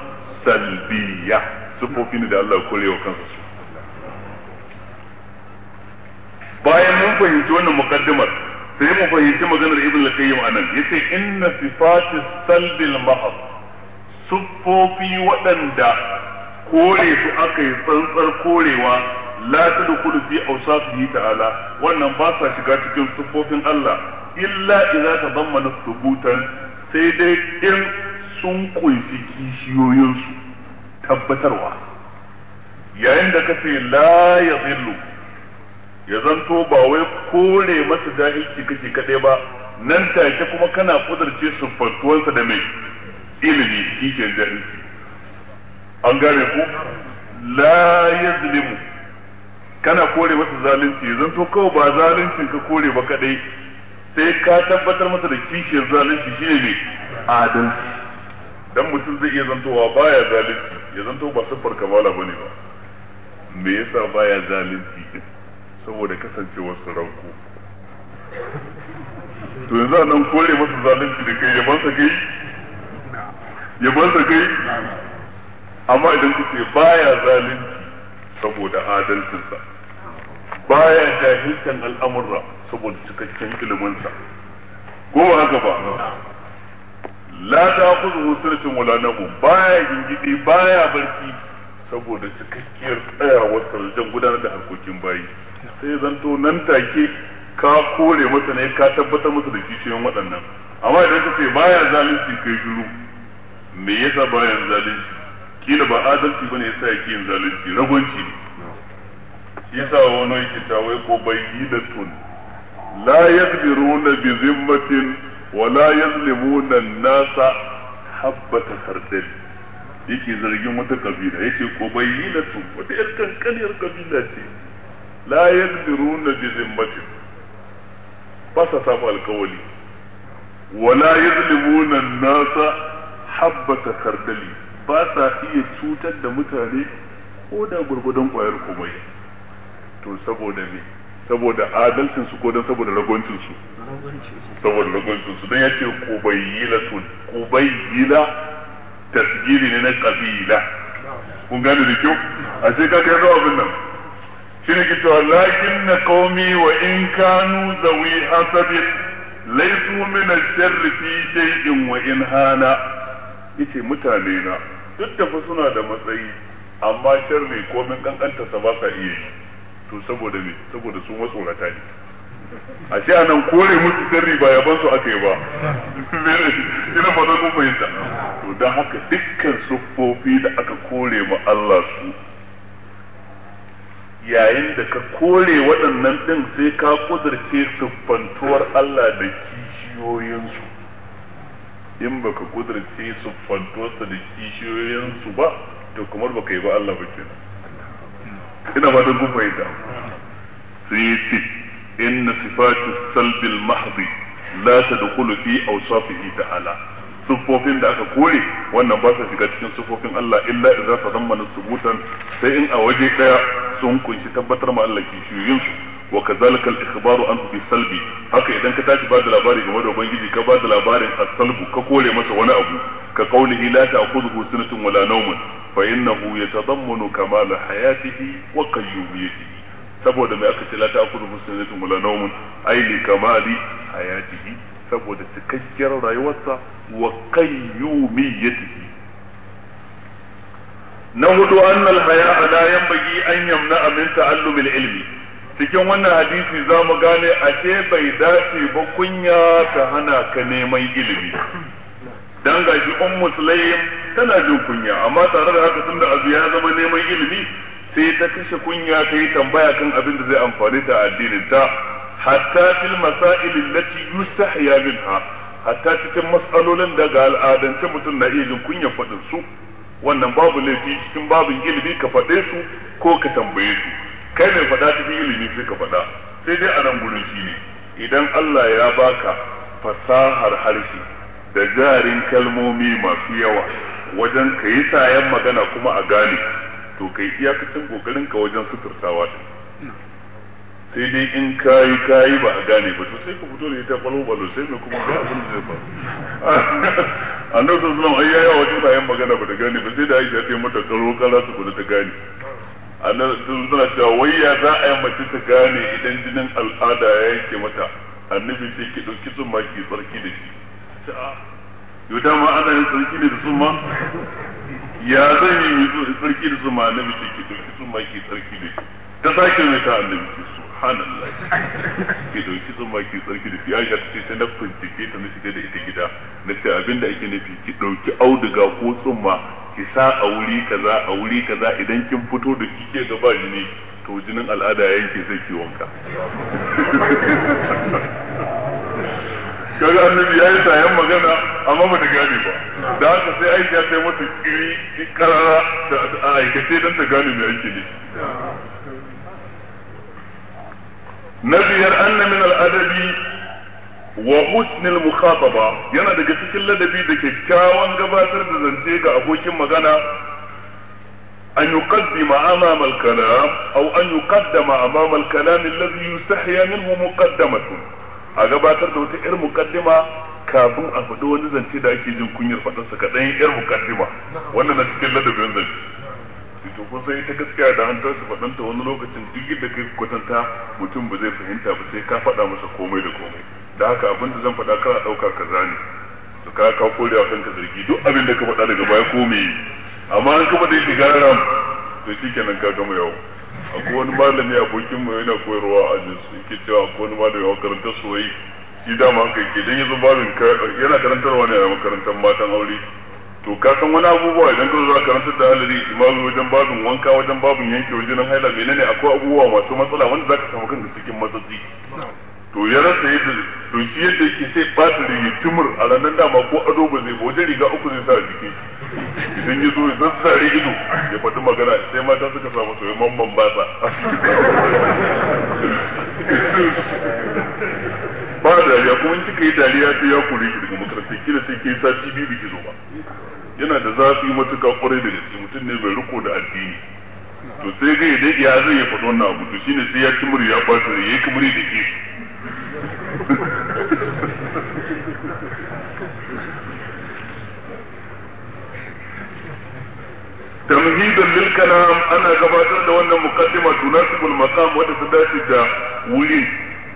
salbiya siffofi ne da Allah ya kore wa kansa su bayan mun fahimci wannan mukaddimar sai mu fahimci maganar ibn al-qayyim anan yace inna sifati salbil mahab sufofi waɗanda kore su aka yi tsantsar korewa la tadkhulu fi awsafihi ta'ala wannan ba sa shiga cikin siffofin Allah illa idza tadammana thubutan sai dai in sun kunshi kishiyoyinsu tabbatarwa yayin da kace la yadhillu ya zanto ba wai kore masa jahilci kake kadai ba nan take kuma kana kudurce fatuwansa da mai ilimi kishiyar jahilci an gane ku la yazlimu kana kore masa zalunci ya zanto kawai ba zaluncin ka kore ba kadai sai ka tabbatar masa da kishiyar zalunci shine mai adalci dan mutum zai iya zantowa baya zalunci ya zanto ba siffar kamala bane ba me yasa baya zalunci saboda kasancewar su ranko to yanzu a nan kore masa zalunci da kai yabansa kai yabansa sa kai amma idan kuke baya zalunci saboda adalcinsa baya jahilcan al'amurra saboda cikakken ilimansa. ko ba haka ba la ta kuzu sirrin wala nabu baya gingidi baya barci saboda cikakkiyar tsayawar sarjan gudanar da harkokin bayi sai zanto nan take ka kore masa ne ka tabbatar masa da cikin waɗannan amma idan ka ce baya zalunci kai shiru me yasa baya zalunci kila ba adalci bane yasa yake yin zalunci ragunci ne shi yasa wani yake ta wai ko tun la yadbiruna bi zimmatin wa la yazlimuna an-nasa habbata sardin yake zargin wata kabila yake ko bai yi da tun wata yar kankaniyar kabila ce la yaqdiruna bi zimmatin ba sa samu alkawali wala yuzlimuna an-nasa habbata kardali ba sa iya cutar da mutane ko da gurgudan ƙwayar komai to saboda ne, saboda adalcin su ko dan saboda ragoncin su saboda ragoncin su dan yace qubayyilatun qubayyila tasgiri ne na qabila kun gane da kyau a ce ka kai abin nan shi ne cewa lakin na kaumi wa in kanu zawi hasabin laisu min sharri fi shay'in wa in hana yace mutane na duk da suna da matsayi amma sharri ko min kankanta sa ba sa iya yi to saboda me saboda su matsorata ne shi anan kore musu sharri ba yaban su aka yi ba ina fata kun fahimta to dan haka dukkan siffofi da aka kore ma Allah su yayin da ka kore waɗannan ɗin sai ka kudurce siffantuwar Allah da kishiyoyinsu in ba baka kudurce siffantuwarsa da kishiyoyinsu ba to kamar ka yi ba Allah ba kenan ina ba da gufa ita sai ce inna sifatu salbil mahdi la tadkhulu fi awsafihi ta'ala siffofin da aka kore wannan ba su shiga cikin siffofin Allah illa idza tadammana subutan sai in a waje daya sun kunshi tabbatar ma Allah kishiyoyin su wa kazalika al-ikhbaru an bi salbi haka idan ka tashi ba da labari game da ubangiji ka ba da labarin as-salbu ka kore masa wani abu ka qawlihi la ta'khudhuhu sinatun wala nawmun fa innahu yatadammanu kamala hayatihi wa qayyumiyyatihi saboda mai aka ce la ta'khudhuhu sinatun wala nawmun ay kamali hayatihi saboda cikakkiyar rayuwarsa wa kayyumiyyati na hudu annal haya la baki an yamna min ta'allumil ilmi cikin wannan hadisi za mu gane a ce bai dace ba kunya ta hana ka neman ilimi dan gashi ummu musulai tana jin kunya amma tare da haka tunda abu ya zama neman ilimi sai ta kashe kunya ta yi tambaya kan abin da zai amfani ta addinin ta hatta fil masail allati yustahya minha hatta cikin matsalolin da ga al'adance mutum na iya jin kunya faɗin su wannan babu laifi cikin babin ilimi ka faɗe su ko ka tambaye su kai mai faɗa cikin ilimi sai ka faɗa sai dai a nan gurin shi ne idan Allah ya baka fasahar harshe da jarin kalmomi masu yawa wajen ka yi sayan magana kuma a gane to kai iyakacin kokarin ka wajen suturtawa ta. sai dai in kayi kayi ba a gane ba to sai ka fito da ita balo balo sai mai kuma ga abin da zai faru annabi sallallahu alaihi wasallam ayyawa wajen bayan magana ba ta gane ba sai da Aisha ta yi mata karo kala su kuma ta gane annabi sallallahu alaihi cewa wai ya za a yi mace ta gane idan jinin al'ada ya yanke mata annabi sai ki dauki ma ki tsarki da shi yau ma ana yin tsarki ne da ma ya zan yi tsarki da ma annabi sai ki dauki ma ki tsarki da shi ta sake mai ta annabi sai subhanallah ke dauki tsumma ki tsarki da shi aisha tace sai na bincike ta na da ita gida na ce abinda ake nufi ki dauki auduga ko tsumma ki sa a wuri kaza a wuri kaza idan kin fito da kike ga ba ne to jinin al'ada ya yanke sai ki wanka kaga annabi ya yi sayan magana amma ba ta gane ba da haka sai ya sai mata kiri karara da aikace don ta gane mai ake ne na biyar anna min al'adabi wa husnil mukhataba yana daga cikin ladabi da kyakkyawan gabatar da zance ga abokin magana an yuqaddima amama al-kalam aw an yuqaddama amama al-kalam alladhi yustahya a gabatar da wata yar muqaddima kafin a faɗi wani zance da ake jin kunyar faɗarsa kaɗan yar muqaddima wannan na cikin ladabin zance to kun sai ta gaskiya da an tarsa faɗanta wani lokacin duk da kai kwatanta mutum ba zai fahimta ba sai ka faɗa masa komai da komai da haka abin da zan faɗa kana ɗauka ka zani to ka ka kore wa kanka zargi duk abin da ka faɗa daga baya ko me amma an kuma da shiga ram to shikenan ka gama yawo akwai wani malami abokin mu yana koyarwa a jinsu yake cewa akwai wani malami a makarantar soyayya shi dama kai ke dan yanzu malami yana karantarwa ne a makarantar matan aure to ka san wani abubuwa idan ka zo ka rantar da alari imamu wajen babin wanka wajen babin yanke wajen haila menene akwai abubuwa masu matsala wanda zaka samu kanka cikin matsatsi to ya rasa yadda to shi yadda yake sai bata da tumur a ranar dama ko ado ba zai ba wajen riga uku zai sa a jiki idan ya zo idan sa ido ya faɗi magana sai mata suka samu soyayya mamban ba sa ba da ya kuma kika yi dariya sai ya kore ki daga makarantar kila sai ke sa biyu biki zo ba yana da zafi matuka kwarai da gaske mutum ne bai riko da addini to sai ga yadda ya zai ya faɗo wannan abu to shine sai ya ci muri ya ɓata ya yi kamuri da ke tamhidan lil kalam ana gabatar da wannan muqaddima tunasibul maqam wadda ta dace da wuri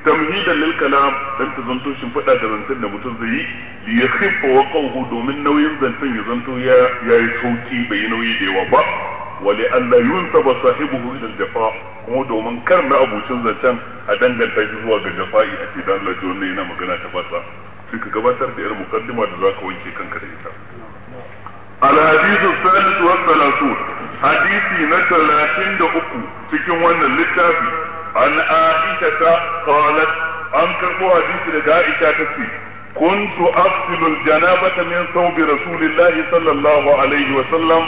tamhidan lil kalam dan ta zanto shin fada da zancen da mutum zai yi ya yakhifa wa qawhu domin nauyin zancen ya zanto ya yi sauki bai yi nauyi da yawa ba wa li an la yunsaba sahibuhu ila al-jafa kuma domin kar na abucin zancen a danganta shi zuwa ga jafa'i a ce dan Allah wannan yana magana ta fasa shi ka gabatar da yar mukaddima da zaka wanke kanka da ita الحديث الثالث والثلاثون حديثي نتلاتين دقو cikin wannan للتافي an aisha ta qalat an karbo hadisi daga aisha ta ce kuntu afsilul janabata min thawbi sallallahu alaihi wa sallam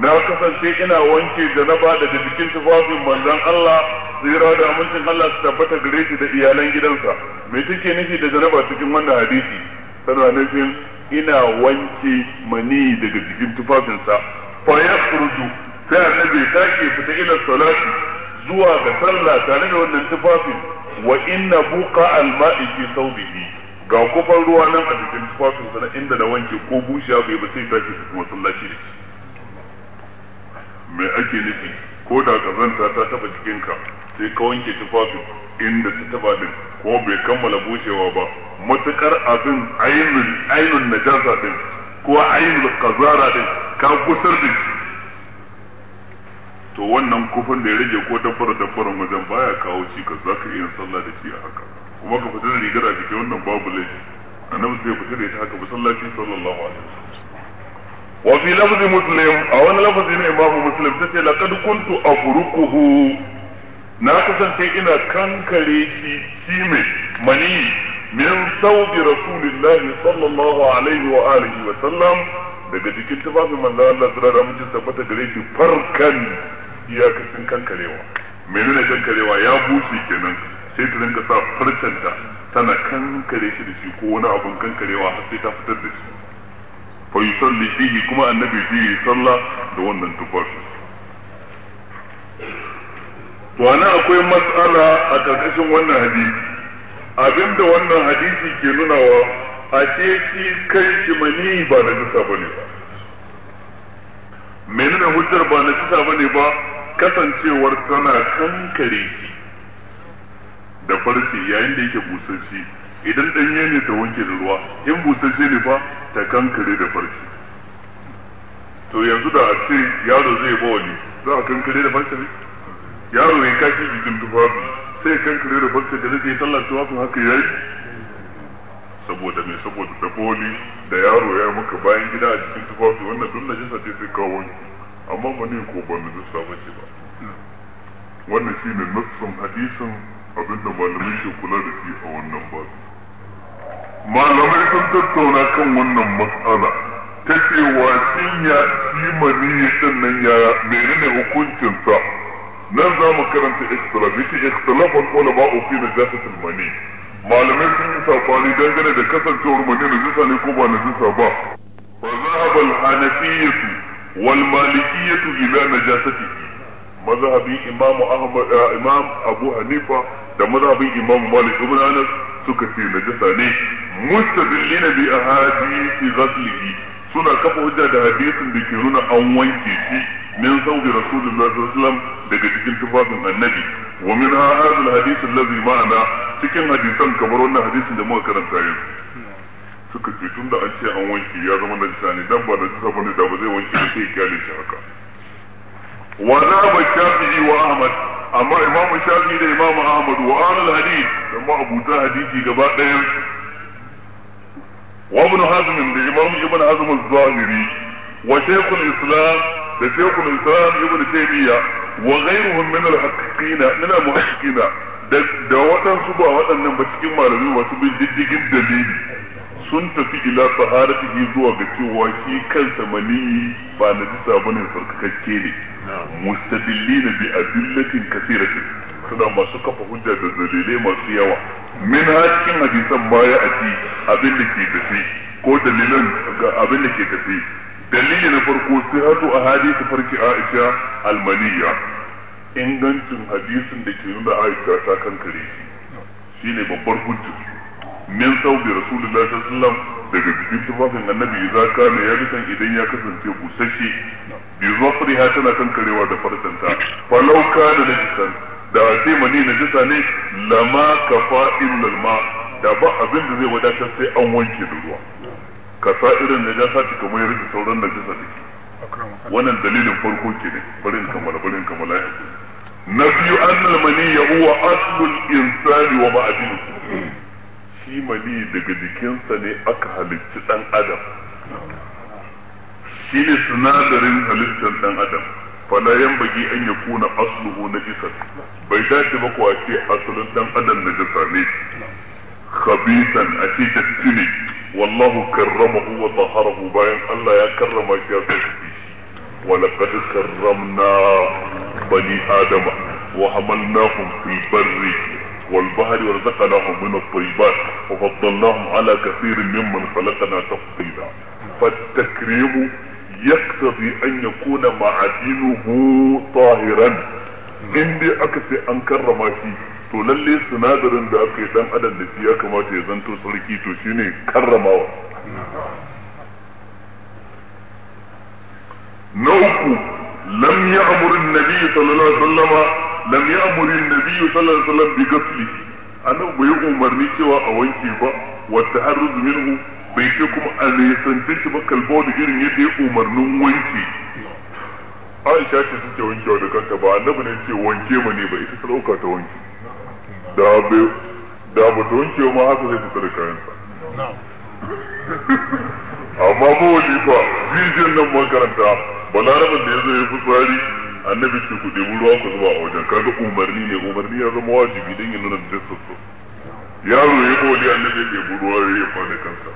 na kasance ina wanke janaba daga bikin tufafin manzon Allah tsira da amincin Allah su tabbata gare shi da iyalan gidansa me take nufi da janaba cikin wannan hadisi tana nufin ina wanke mani daga jikin tufafinsa fa ya sai annabi sake fita ila salati zuwa ga sallah tare da wannan tufafin wa inna buqa alma'i fi thawbihi ga kufan ruwa nan a cikin tufafin sa inda na wanke ko bushiya bai ba sai take su kuma sallaci da shi me ake nufi ko da kazanta ta taba jikinka sai ka wanke tufafin inda ta taba din ko bai kammala bushewa ba matukar abin ainun ainun najasa din ko ainul qazara din ka gusar da to wannan kufan da ya rage ko dabbara dabbaran wajen baya kawo cikas za ka iya sallah da shi a haka kuma ka fita da rigar a jiki wannan babu laifi annabi sai fita da ita haka masallaci sallallahu alaihi wasallam wa fi lafzi muslim a wani lafzi ne imamu muslim ta ce laqad kuntu afruquhu na kasance ina kankare shi shi mai mani min saudi Rasulillah sallallahu alaihi wa alihi wa sallam daga cikin tufafin manzo Allah sallallahu alaihi wa sallam tabbata gare shi farkan iyakacin kankarewa nuna kankarewa ya bushe kenan sai ta dinga sa farcenta tana kankare shi da shi ko wani abun kankarewa har sai ta fitar da shi fa yusalli fihi kuma annabi fihi sallah da wannan tufafi to ana akwai mas'ala a karkashin wannan hadisi abinda wannan hadisi ke nuna wa a ce shi kai shi mani ba na jisa bane ba menene hujjar ba na jisa bane ba kasancewar tana kankare shi da farce yayin da yake busasshe idan ɗanye ne ta wanke da ruwa in busasshe ne fa ta kankare da farce to yanzu da a ce yaro zai ba wani za a kankare da farce ne yaro ya kashi jikin tufafi sai kankare da farce da zai sallar tufafin haka yayi saboda me saboda da boli da yaro ya maka bayan gida a cikin tufafi wannan duk najisa ce sai kawo amma ba ne ko ba najisa ba ce ba wannan shi ne nassin hadisin abinda malamai ke kula da shi a wannan ba malamai sun tattauna kan wannan matsala ta cewa shi ya shi mani din nan ya menene hukuncinsa nan za mu karanta ikhtilaf yake ikhtilafun ulama'u fi najasatil mani malamai sun yi safari dangane da kasancewar mani najisa ne ko ba na najisa ba fa zahaba al-hanafiyyatu wal malikiyyatu ila najasatihi mazhabin imamu ahmad eh, imam abu hanifa da mazhabin imam malik ibn anas suka ce najasa ne mustadillina bi ahadisi ghaslihi suna kafa hujja da hadisin da ke nuna an wanke shi min sauki rasulullahi sallallahu daga cikin tufafin annabi wa min hadha alhadith alladhi ma'ana cikin hadisan kamar wannan hadisin da muka karanta yanzu suka ce tunda an ce an wanke ya zama najasa ne dan ba da tsaba ne da ba zai wanke sai ya kyale shi haka wa zaba shafi'i wa ahmad amma imamu shafi'i da imamu ahmad wa ahlul hadith da ma abuta hadisi حزم ɗaya wa da imamu ibn hazm az-zahiri wa da da waɗansu ba waɗannan ba cikin malami masu bin diddigin dalili sun tafi ila saharatihi zuwa ga cewa shi kansa maniyi ba na jisa bane sarkakakke ne mustadillina bi adillatin kathiratin suna masu kafa hujja da dalilai masu yawa min cikin hadisan baya a ci abin da ke tafi ko dalilan ga abin da ke tafi dalili na farko sai hadu a hadisi farki Aisha almaniya ingancin hadisin da ke nuna Aisha ta kankare shi shine babbar hujja min saubi rasulullahi sallallahu alaihi wasallam daga cikin tufafin annabi za ka ne ya bisan idan ya kasance busasshe bi ha tana kankarewa da farcanta falau na najisan da sai mani najisa ne lama kafa'il lalma da ba abin da zai wadatar sai an wanke da ruwa ka sa irin jasa ta kamar yadda sauran najasa take wannan dalilin farko ke ne barin kamala barin kamala ya na biyu annal mani ya huwa aslul insani wa ma'adinu shi mali daga jikinsa ne aka halicci ɗan adam shi ne sinadarin halittar ɗan adam fala yan bagi an ya kuna asluhu na jisar bai dace ba kuwa ce asalin ɗan adam na jisa ne khabisan a ce datti ne wallahu karrama wa taharahu bayan Allah ya karrama shi ya sauke ولقد كرمنا Adama? آدم وحملناهم في البر والبهر ورزقناهم من الطيبات وفضلناهم على كثير ممن خلقنا تفضيلا فالتكريم يقتضي ان يكون معادنه طاهرا ان دي ان كرم شيء تو للي سنادر ان دي اكي دم ادن دي فيه كما تيزنتو تو شيني كرم نوكو لم يعمر النبي صلى الله عليه وسلم lam ya'muru an-nabiyyu sallallahu alaihi wasallam bi ghasli annabi bai umarni cewa a wanke ba wa ta'arruz minhu bai ce kuma a nisanci shi ba kalbau da irin yadda ya umarnin wanke Aisha ce suke wankewa da kanta ba annabi ne ce wanke ma ne ba ita ta dauka ta wanke da bai da ba ta wanke ma haka zai fita da kayansa amma wani fa jijiyar nan makaranta balarabin da ya zo ya fi tsari annabi ce ku ɗebi ruwa ku zuba a wajen kaga umarni ne umarni ya zama wajibi don yin nuna da sassu yaro ya koli annabi ya ɗebi ruwa ya yafa da kansa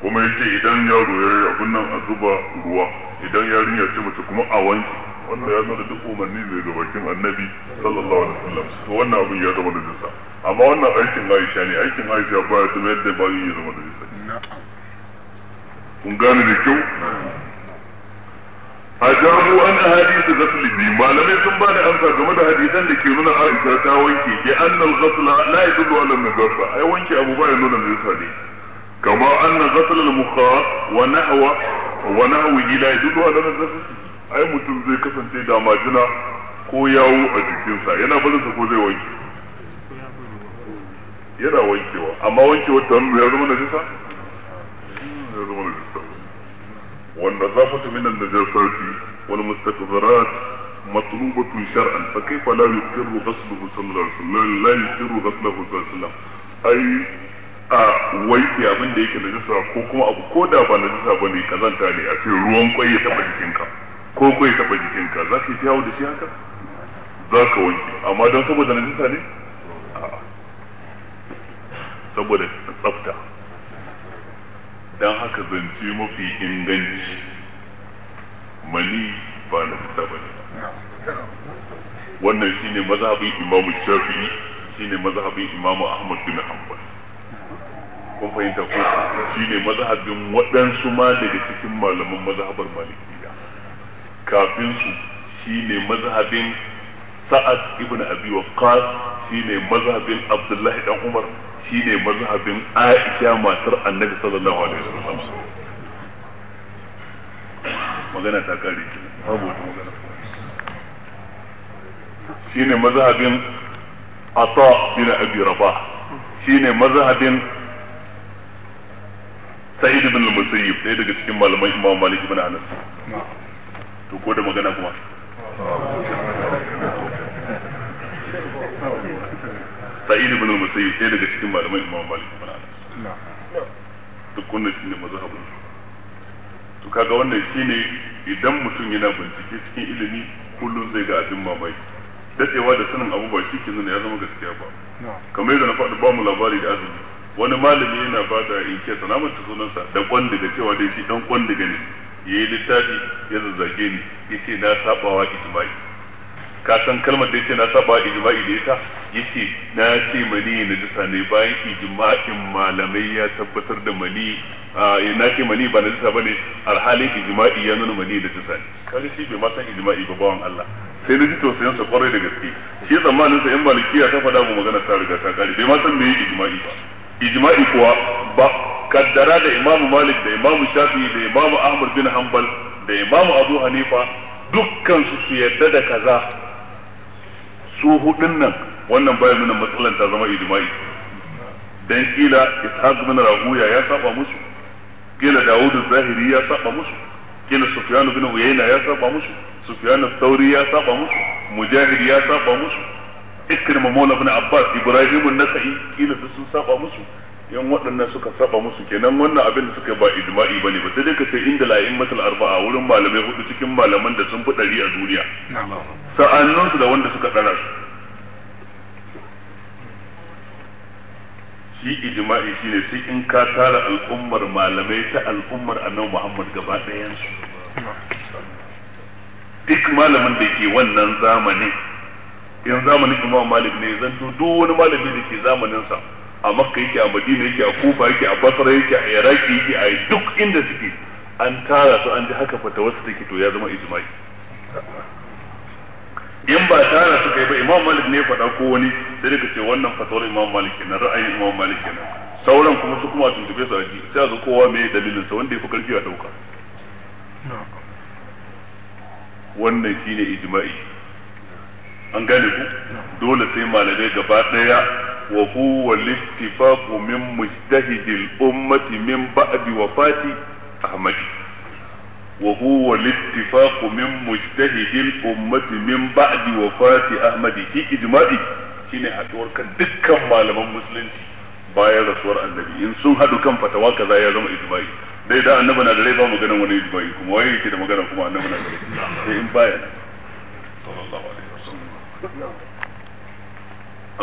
kuma ya ce idan yaro ya yi abin nan a zuba ruwa idan yarinya ce mace kuma a wanke wannan ya nuna duk umarni ne ga bakin annabi sallallahu alaihi wasallam to wannan abin ya zama da jisa amma wannan aikin Aisha ne aikin Aisha baya ta mayar da bayi ya zama da jisa kun gane da kyau ajabu an ahadithu ghaslihi malamai sun ba da amsa game da hadisan da ke nuna Aisha ta wanke ke anna al-ghasla la yadullu ala an-najasa ai wanke abu ba ya nuna najasa ne kama anna ghasla da mukhat wa nahwa wa nahwihi la yadullu ala an-najasa ai mutum zai kasance da majina ko yawo a jikinsa yana barin sa ko zai wanke yana wankewa amma wankewar ta ya zama najasa ya zama najasa والنظافة من النجاسات والمستكبرات مطلوبة شرعا فكيف لا يقر غسله صلى الله عليه وسلم لا يقر غسله صلى الله عليه وسلم أي a wanke abin da yake najasa ko kuma abu ko da ba najasa ba ne kazanta ne a ce ruwan kwai ya taba jikinka ko kwai ya taba jikinka za ka yi yawo da shi haka za ka wanke amma don saboda ne saboda tsafta don haka zance mafi inganci mani ba na fita ba ne wannan shine mazhabin imamu shafi'i shine mazhabin imamu ahmad bin hanbal kun fahimta ko shine mazhabin waɗansu ma daga cikin malaman mazhabar malikiya kafin su shine mazhabin sa'ad ibn abi waqqas shine mazhabin abdullahi dan umar Shi shine mazhabin Aisha matar Annabi sallallahu alaihi wa sallam. magana ta kare babu wata magana Shi shine mazhabin Ata bin Abi Rabah shine mazhabin Sa'id ibn al-Musayyib ɗaya daga cikin malaman Imam Malik ibn Anas to ko da magana kuma sa'id ibn al-musayyib sai daga cikin malaman imam malik ibn anas duk wannan shine mazhabin su to kaga wannan shine idan mutum yana bincike cikin ilimi kullum zai ga abin mamaki dadewa da sanin abu ba shi ke ya zama gaskiya ba kamar yadda na faɗi ba mu labari da azumi wani malami yana ba da inke sanamar ta sunansa da kwan daga cewa dai shi dan kwan daga ne yayi littafi ya zazzage ni ya ce na sabawa ijma'i ka san kalmar da yace na saba ijma'i da ita yace na ce mani na jisa ne bayan ijma'in malamai ya tabbatar da mani eh, na ce mani ba na jisa bane alhalin ijma'i ya nuna mani da jisa ne kare shi bai ma san ijma'i ba bawan Allah sai na ji tausayin sa kwarai da gaske shi tsammanin sa in malikiya ta faɗa mu magana ta riga ta kare bai ma san meye ijma'i ba ijma'i kuwa ba kaddara da imamu malik da imamu shafi da imamu ahmad bin hanbal da imamu abu hanifa dukkan su su yadda da kaza su hudun nan wannan baya nuna matsalan ta zama ijma'i dan kila ishaq bin rahuya ya saba musu kila Dawudu zahiri ya saba musu kila sufyan bin uyayna ya saba musu sufyan thauri ya saba musu mujahid ya saba musu ikrima mola bin abbas ibrahim an-nasa'i kila sun saba musu yan waɗannan suka saba musu kenan wannan abin da suka ba ijma'i ne ba sai dai ka ce inda la'in matal arba'a wurin malamai hudu cikin malaman da sun fi ɗari a duniya sa'annun su da wanda suka ɗara su shi ijma'i ne sai in ka tara al'ummar malamai ta al'ummar annabi Muhammad gaba ɗayansu su duk malamin da ke wannan zamanin in zamanin Imam Malik ne zan duk wani malami da ke zamanin sa a makka yake a madina yake a kufa yake a basra yake a iraki yake a duk inda suke an tara su an ji haka fata wasu take to ya zama ijma'i in ba tara su kai ba imam malik ne faɗa ko wani sai ka ce wannan fatawar imam malik ne ra'ayin imam malik ne sauran kuma su kuma tuntube su ji sai a kowa me dalilin sa wanda ya fi karfi a dauka wannan shine ijma'i an gane ku dole sai malamai gaba daya وهو الاتفاق من مجتهد الأمة من بعد وفاة أحمد وهو الاتفاق من مجتهد الأمة من بعد وفاة أحمد في إجماعي shine haɗuwar kan dukkan malaman musulunci bayan rasuwar annabi in sun haɗu kan fatawa kaza ya zama ijma'i dai da annabi na da rai ba magana wani ijma'i kuma waye yake da magana kuma annabi na da sai in baya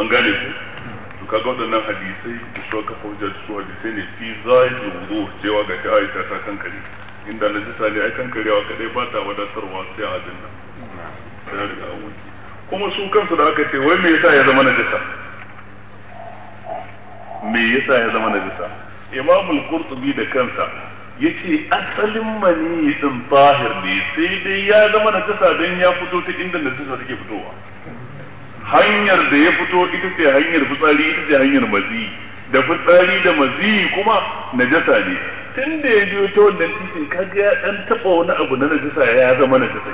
an gane kaga waɗannan hadisai da suka kafa hujja su hadisai ne fi da wudu cewa ga ta aisha ta kankare inda na jisa ne ai kankarewa kadai ba ta wadatarwa sai a jinna sai kuma su kansu da aka ce wai me yasa ya zama na jisa me yasa ya zama na jisa imam al-qurtubi da kansa yace asalin mani din tahir ne sai dai ya zama na jisa dan ya fito ta inda na jisa take fitowa hanyar da ya fito ita ce hanyar fitsari ita ce hanyar mazi da fitsari da mazi kuma najasa ne tun da ya biyo ta wannan titin kaga ya dan taba wani abu na najasa ya zama najasa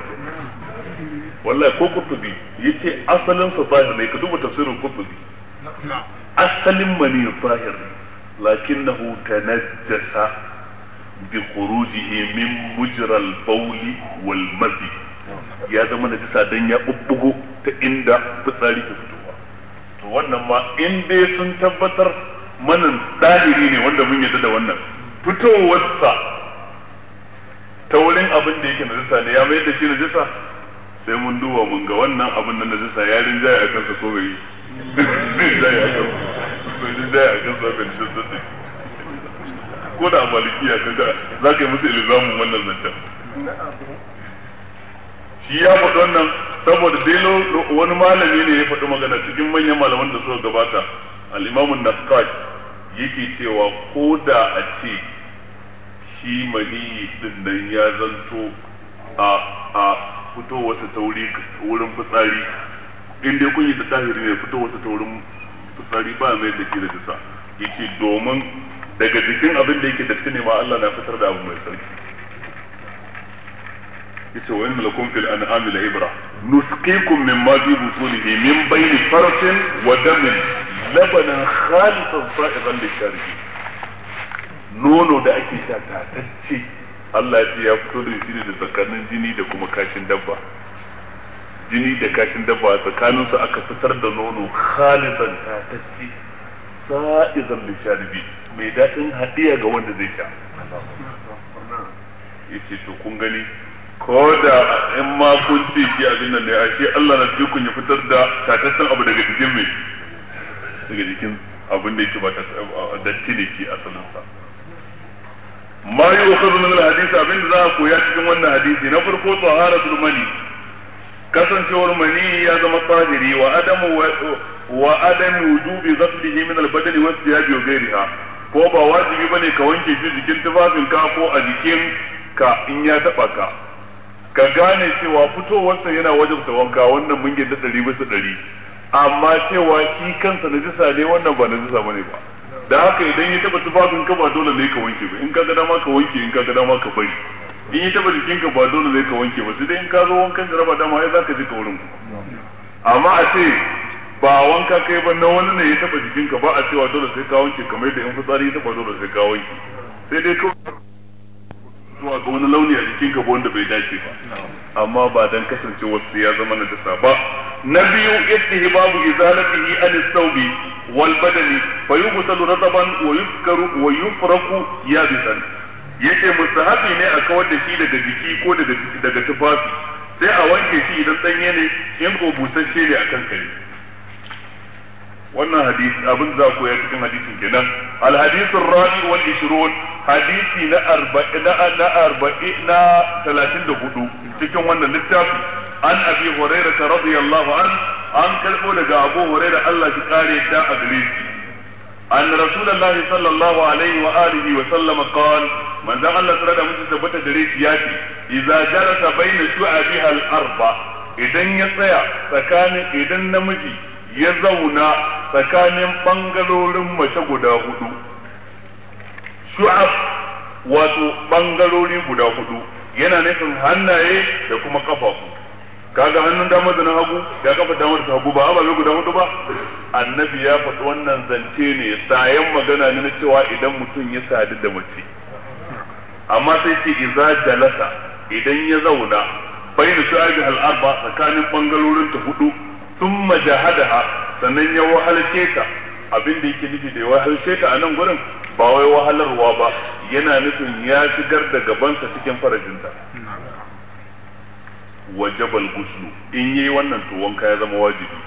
wallahi ko kutubi yace asalin sa zahir ne ka duba tafsirin kutubi asalin mani zahir lakinnahu tanajjasa bi khurujihi min mujra al wal mazi ya zama jisa don ya bubbugo ta inda fitsari ke fitowa to wannan ma in dai sun tabbatar manin ɗahiri ne wanda mun yadda da wannan fitowarsa ta wurin abin da yake najasa ne ya mayar da shi najasa sai mun duba mun ga wannan abin da najasa ya rinjaye a kansa ko bai rinjaye a kansa rinjaye a kansa bai shi ko da maliki malikiya kaga za ka yi musu ilizamun wannan zancen shi ya faɗi wannan saboda dai wani malami ne ya faɗi magana cikin manyan malaman da suka gabata al'imamun na yake cewa ko da a ce shi mani din nan ya zanto a a fito wata tauri wurin fitsari in dai kun yi da tahiri ne fito wata taurin fitsari ba mai da ke da tisa yake domin daga jikin abin da yake da ne ma Allah na fitar da abu mai sarki yace wa inna lakum fil an'ami la ibra nusqikum mimma fi butunihi min bayni farsin wa damin labanan khalisan sa'iban lisharibin nono da ake sha tatacce Allah ya ya fito da shi ne da tsakanin jini da kuma kashin dabba jini da kashin dabba tsakanin su aka fitar da nono khalisan tatacce sa'izan lisharibi mai daɗin hadiya ga wanda zai sha yace to kun gani ko da in ma kun ce shi abin nan ne a Allah na ji kun ya fitar da tatattan abu daga jikin mai daga jikin abin da yake ba ta datti ne ke asalin sa ma yi wa kazu min hadisi abin da za a koya cikin wannan hadisi na farko taharatul mani kasancewar mani ya zama tsahiri wa adamu wa adamu wujubi ghaslihi min albadali wasu wa thiyabi wa ko ba wajibi bane ka wanke shi jikin tufafinka ko a jikin ka in ya taba ka ka gane cewa fitowarsa yana wajabta wanka wannan mun yadda ɗari bisa ɗari amma cewa shi kansa jisa ne wannan ba na jisa ba ne ba. da haka idan ya taba tufafin ka ba dole ne ka wanke ba in ka ga dama ka wanke in ka ga dama ka bari in ya taba jikin ka ba dole ne ka wanke ba sai dai in ka zo wankan jaraba dama ai zaka ji ka wurin amma a ce ba wanka kai ba na wani ne ya taba jikin ka ba a cewa dole sai ka wanke kamar da in fitsari ya taba dole sai ka wanke sai dai kawai zuwa ga wani launi a jikin ka wanda bai dace ba amma ba dan kasance wasu ya zama na dasa ba na biyu yadda istihbabu izalatihi an thawbi wal badani fa yughsalu rataban wa yufkaru wa yufraku yabisan yace mustahabi ne a kawar da shi daga jiki ko daga tufafi sai a wanke shi idan danye ne in ko busasshe ne akan kai. wannan hadisi abin za ku ya cikin hadisin kenan al hadisin rabi wal ishrun hadisi na arba'i na na arba'i na 34 cikin wannan littafi an abi hurairah radiyallahu an an karbo daga abu hurairah Allah ya kare da a gare shi an rasulullah sallallahu alaihi wa alihi wa sallam qala manzon Allah tsara da mutum tabbata da shi ya ce idza jalasa baina shu'abiha al arba idan ya tsaya tsakanin idan namiji ya zauna tsakanin ɓangarorin mace guda hudu shu'ab wato ɓangarori guda hudu yana nufin hannaye da kuma ƙafafu kaga hannun dama da na hagu ya kafa dama da hagu ba ba guda hudu ba annabi ya faɗi wannan zance ne sayan magana ne na cewa idan mutum ya sadu da mace amma sai ce iza jalasa idan ya zauna bayin su abi arba tsakanin bangarorin ta hudu thumma ha sannan ya wahalce ka abin da yake nufi da ya wahalce ka a nan gurin ba wai wahalarwa ba yana nufin ya shigar da gabansa cikin farajinta wajabal guslu in yi wannan to wanka ya zama wajibi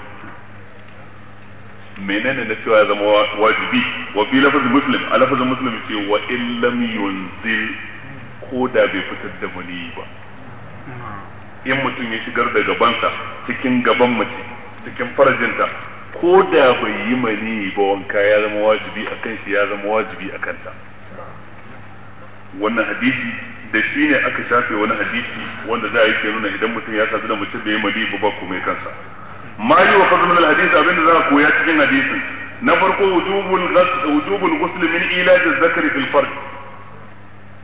menene na cewa ya zama wajibi wa fi lafazin muslim a lafazin muslim ce wa in yunzil ko da bai fitar da mani ba hmm. in mutum ya shigar da gabansa cikin gaban mace cikin farajinta ko da bai yi mani ba wanka ya zama wajibi a kan shi ya zama wajibi a kanta wannan hadisi da shi ne aka shafe wani hadisi wanda za a yi ke nuna idan mutum ya sadu da mutum da ya mani ba ba kuma kansa ma yi wa fadlun al-hadis abinda za a koya cikin hadisin na farko wujubul ghusl min ilajin zakari fil farj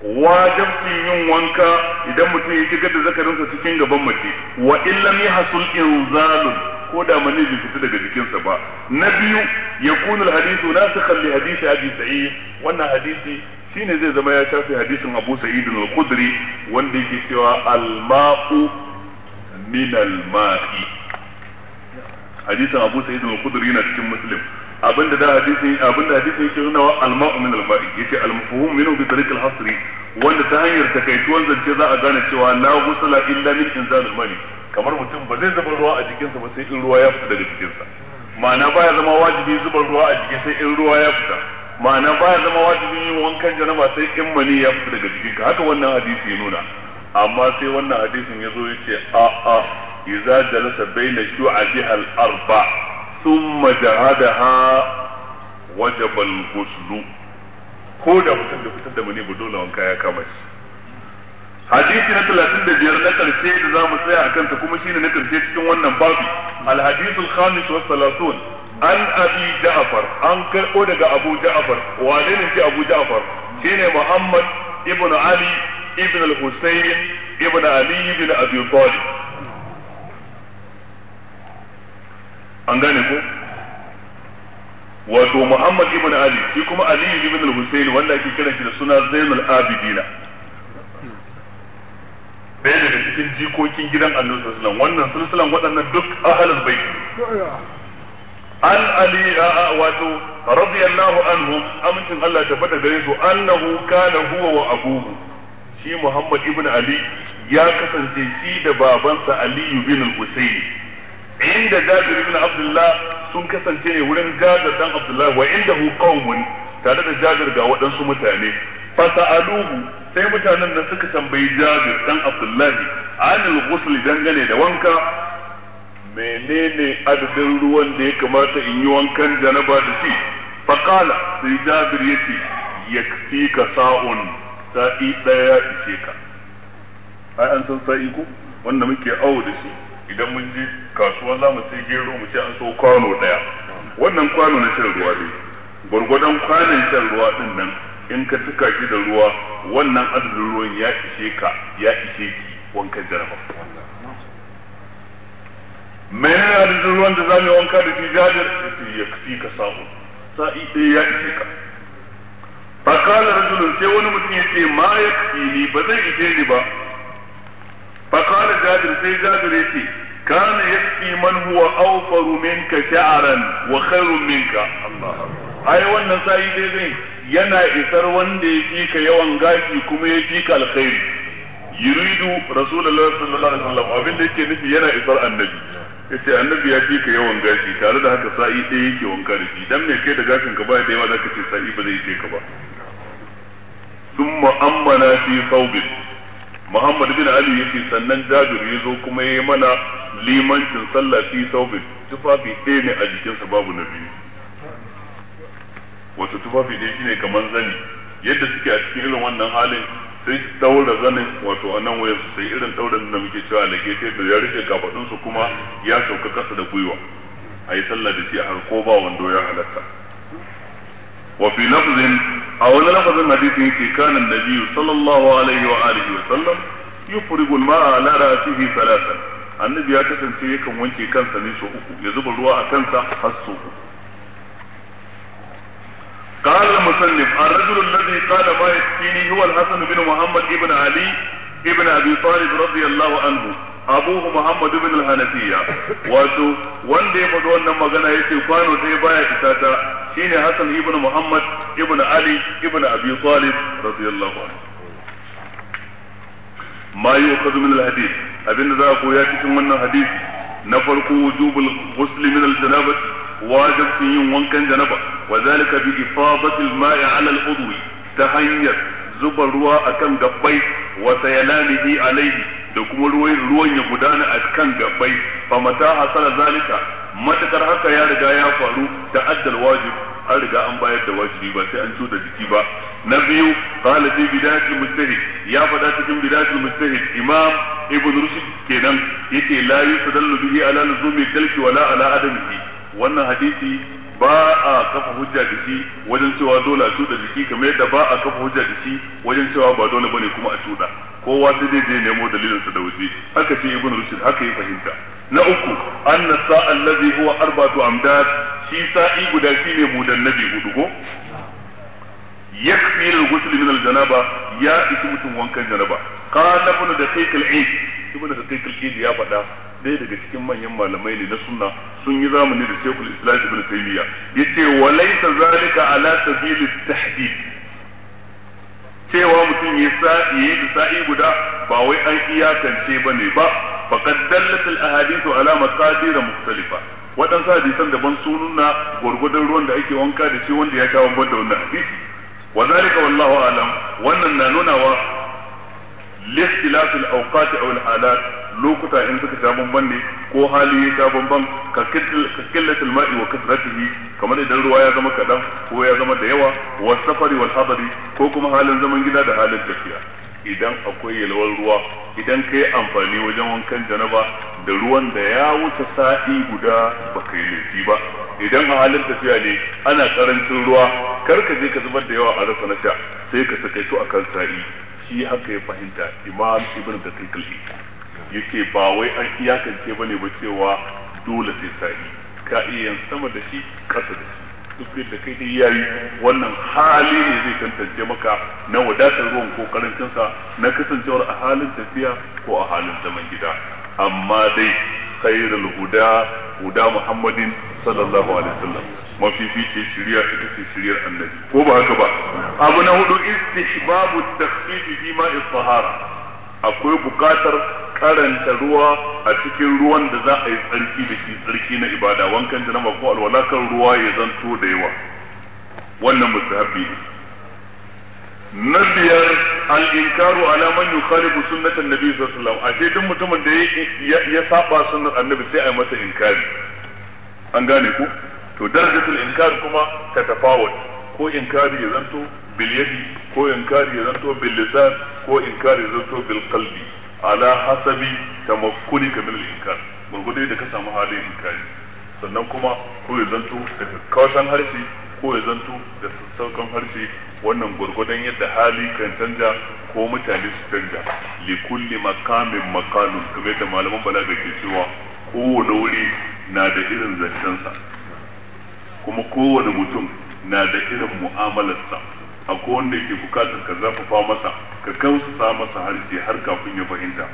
wajibcin yin wanka idan mutum ya shigar da zakarinsa cikin gaban mace wa illam yahsul inzalun ko da mani bai fita daga jikinsa ba na biyu ya kunul hadisu na su kalli hadisi abi sa'id wannan hadisi shine zai zama ya shafi hadisin abu sa'id al-khudri wanda yake cewa al-ma'u min al-ma'i hadisin abu sa'id al-khudri yana cikin muslim abinda da hadisi abinda hadisi yake nuna wa al-ma'u min al-ma'i yace al-mafhum minhu bi tariq al-hasri wanda ta hanyar takaituwan zance za a gane cewa la ghusla illa min inzal al-mani kamar mutum ba zai zuba ruwa a jikinsa ba sai in ruwa ya fita daga jikinsa ma'ana baya zama wajibi zuba ruwa a jiki sai in ruwa ya fita ma'ana baya zama wajibi yin wankan janaba sai in mani ya fita daga jikinka haka wannan hadisi ya nuna amma sai wannan hadisin ya zo ya ce a a idza jalasa baina shu'abi al-arba' ثم جعلها وجب الغسل ko da mutum da fitar da mani ba dole wanka ya kama shi hadisi na talatin da biyar na karshe da za mu tsaya a kanta kuma shine na karshe cikin wannan babu alhadisul khamis wa salatun an abi ja'far an karɓo daga abu ja'far wane ne ce abu ja'far shine muhammad ibn ali ibn al-husayn ibn ali ibn abi talib an gane ko wato Muhammad ibn Ali shi kuma Ali ibn al-Husayn wanda ake kiran shi da suna Zainul Abidina ɗaya daga cikin jikokin gidan Annabi sallallahu wannan sulsulan waɗannan duk ahlul bait an ali wato radiyallahu anhum amincin Allah ta faɗa gare su annahu kana huwa wa abuhu shi Muhammad ibn Ali ya kasance shi da babansa Ali ibn Husayn inda Jabir ibn Abdullah sun kasance ne wurin Jabir dan Abdullah wa inda hu qaumun tare da Jabir ga waɗansu mutane sa'aluhu sai mutanen da suka tambayi Jabir dan Abdullah anil ghusl dangane da wanka menene adadin ruwan da ya kamata in yi wankan janaba da shi Fakala sai Jabir yace ka sa'un sa'i daya ce ka ai an san sa'i ko wanda muke awo da shi idan mun je kasuwa za mu sai gero mu ce an so kwano daya wannan kwano na shan ruwa ne gwargwadon kwanon shan ruwa din nan in ka tuka shi da ruwa wannan adadin ruwan ya ishe ka ya ishe ki wankan jaraba menene adadin ruwan da za yi wanka da shi jajir ya fi ka samu sa'i ɗaya ya ishe ka fa qala rajulun sai wani mutum ya ce ma yakfi ni ba zai ishe ni ba فقال جابر سي جابر يتي كان يسقي من هو أوفر منك شعرا وخير منك الله أي Sa'i سايدي zai yana isar wanda ya fi ka yawan gashi kuma ya fi ka alkhairi yuridu rasulullahi sallallahu alaihi wasallam abin da yake nufi yana isar annabi yace annabi ya fi ka yawan gashi tare da haka sa'i ɗaya yake wanka da shi dan me kai da gashin ka baya da yawa zaka ce sa'i ba zai ce ka ba summa ammana fi thawbin Muhammad bin Ali yake sannan Jabir ya zo kuma ya yi mana limancin sallah fi saubin tufafi ɗaya ne a jikinsa babu na biyu wato tufafi ɗaya shine kamar zani yadda suke a cikin irin wannan halin sai su daura zanin wato a nan sai irin dauran da muke cewa da sai da ya rike kafadunsu kuma ya sauka kasa da gwiwa a yi sallah da shi a ko ba wando ya halatta wa fi a wani lafazin hadisin yake kana nabiyyu sallallahu alaihi wa alihi wa sallam yufrigu al-ma'a ala ra'sihi salatan annabi ya kasance yakan wanke kansa ne uku ya zuba ruwa a kansa har so uku قال المسلم الرجل الذي قال ما يسقيني هو الحسن بن محمد بن علي بن ابي طالب رضي الله عنه abuhu muhammadu bin al-hanafiya wato wanda ya faɗi wannan magana yace kwano ɗaya baya fita ta shine hasan ibn muhammad ibn ali ibn abi talib radiyallahu anhu ma yu'khadhu min al-hadith abinda za a koya cikin wannan hadisi na farko wujubul ghusl min al-janabati wajibin yin wankan janaba wa zalika bi ifadati al-ma'i 'ala al-udwi ta hanyar zuba ruwa akan gabbai wa sayalanihi alayhi da kuma ruwan ya gudana a kan gabbai fa mata hasala zalika matakar haka ya riga ya faru da addal wajib an riga an bayar da wajibi ba sai an cuta jiki ba na biyu qala fi bidayatul mujtahid ya fada cikin bidayatul mujtahid imam ibn rushd kenan yace la yustadallu bihi ala luzumi kalki wala ala adamihi wannan hadisi ba a kafa hujja da shi wajen cewa dole a cuta jiki kamar yadda ba a kafa hujja da shi wajen cewa ba dole bane kuma a cuta kowa sai zai je nemo dalilin sa da wuce haka ce ibn rushd haka ya fahimta na uku na sa'an ladhi huwa arba'atu amdad shi sa'i guda shine mudannabi hudu ko yakfi al-ghusl min al-janaba ya isi mutum wankan janaba qala ibn daqiq al-eid ibn kai al ya faɗa Daya daga cikin manyan malamai ne na sunna sun yi zamani da shekul islam ibn taymiya yace wa laysa zalika ala sabili tahdid cewa mutum ya yi sa'i guda ba wai an iyakance ba ne ba faqad dallat al ahadithu ala maqadir mukhtalifa waɗansu hadisan daban suna nuna gwargwadon ruwan da ake wanka da shi wanda ya kawo ban da wannan hadisi wa zalika wallahu alam wannan na nuna wa listilaf al awqat aw al halat lokuta in suka ta bamban ne ko hali ya ta bamban ka killatul ma'i wa kasratihi kamar idan ruwa ya zama kaɗan ko ya zama da yawa wa safari wa hadari ko kuma halin zaman gida da halin tafiya idan akwai yalwar ruwa idan ka yi amfani wajen wankan janaba da ruwan da ya wuce sa'i guda ba ka yi laifi ba idan a halin tafiya ne ana karancin ruwa kar ka je ka zubar da yawa a rasa na sha sai ka sakaito su akan sa'i shi haka ya fahimta imam ibn da kai yake ba wai an iyakance bane ba cewa dole sai sa'i ka iya sama da shi kasa da shi duk da kai dai yayi wannan hali ne zai tantance maka na wadatar ruwan ko karancinsa na kasancewar a halin tafiya ko a halin zaman gida amma dai khairul huda huda muhammadin sallallahu alaihi wasallam ce shirya ita ce shiryar annabi ko ba haka ba abu na hudu istihbabu takhfifi bima ma'i akwai bukatar karanta ruwa a cikin ruwan da za a yi tsarki da shi tsarki na ibada wankan jana ko alwala kan ruwa ya zanto da yawa wannan mustahabbi ne na biyar al-inkaru ala man yukhalifu sunnatan nabi sallallahu alaihi wasallam ashe duk mutumin da ya saba sunnar annabi sai a yi masa inkari an gane ku to darajatul inkar kuma ta tafawut ko inkari ya zanto bil yadi ko inkari ya zanto bil lisan ko inkari ya zanto bil qalbi ala hasabi tamakkuni ka min al-inkar gurgudai da ka samu halin inkari sannan kuma ko ya zanto da kawasan harshe ko ya zanto da sassaukan harshe wannan gurgudan yadda hali kan canja ko mutane su canja li kulli makamin makalun kamar da malaman balaga ke cewa kowane wuri na da irin zancensa kuma kowane mutum na da irin mu'amalarsa akwai wanda yake bukatar ka zafafa masa ka kausa masa harshe har kafin ya fahimta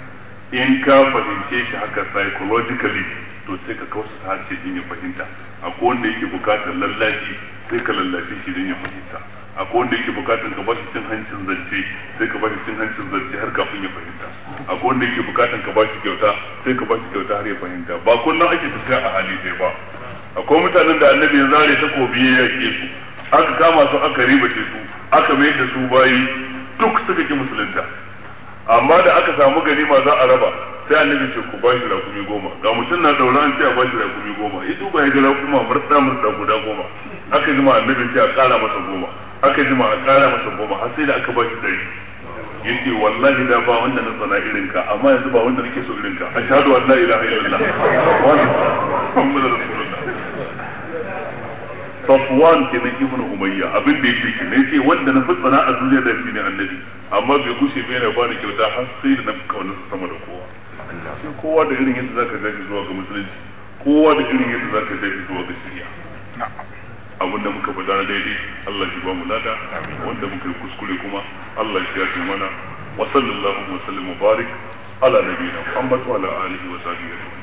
in ka fahimce shi haka psychologically to sai ka kausa harshe din ya fahimta akwai wanda yake bukatar lallashi sai ka lallafi shi din ya fahimta akwai wanda yake bukatar ka bashi cin hancin zance sai ka bashi cin hancin zance har kafin ya fahimta akwai wanda yake bukatar ka bashi kyauta sai ka bashi kyauta har ya fahimta ba kullum ake tafiya a hali sai ba akwai mutanen da annabi ya zare takobi ya yake su aka kama su aka ce su aka mai da su bayi duk suka ki musulunta amma da aka samu ma za a raba sai annabi ce ku bashi rakumi goma ga mutum na daura an ce a bashi rakumi goma ya duba ya ga rakuma murda murda guda goma aka jima annabi ce a kara masa goma aka jima a kara masa goma har sai da aka bashi dari yace wallahi da ba wanda na sana irin ka amma yanzu ba wanda nake so irin ka ashhadu an la ilaha illallah wallahi anna muhammadar rasulullah safwan kenan ibnu umayya abin da yake kenan ce wanda na fitsana a duniya da ne annabi amma bai kushe bai na bani kyauta har sai da na kauna sama da kowa sai kowa da irin yadda zaka gaji zuwa ga musulunci kowa da irin yadda zaka gaji zuwa ga shari'a abin da muka bada daidai Allah shi ba mu lada wanda muka kuskure kuma Allah shi ya fi mana wa sallallahu wa sallam mubarak ala nabiyina Muhammad wa ala alihi wa sahbihi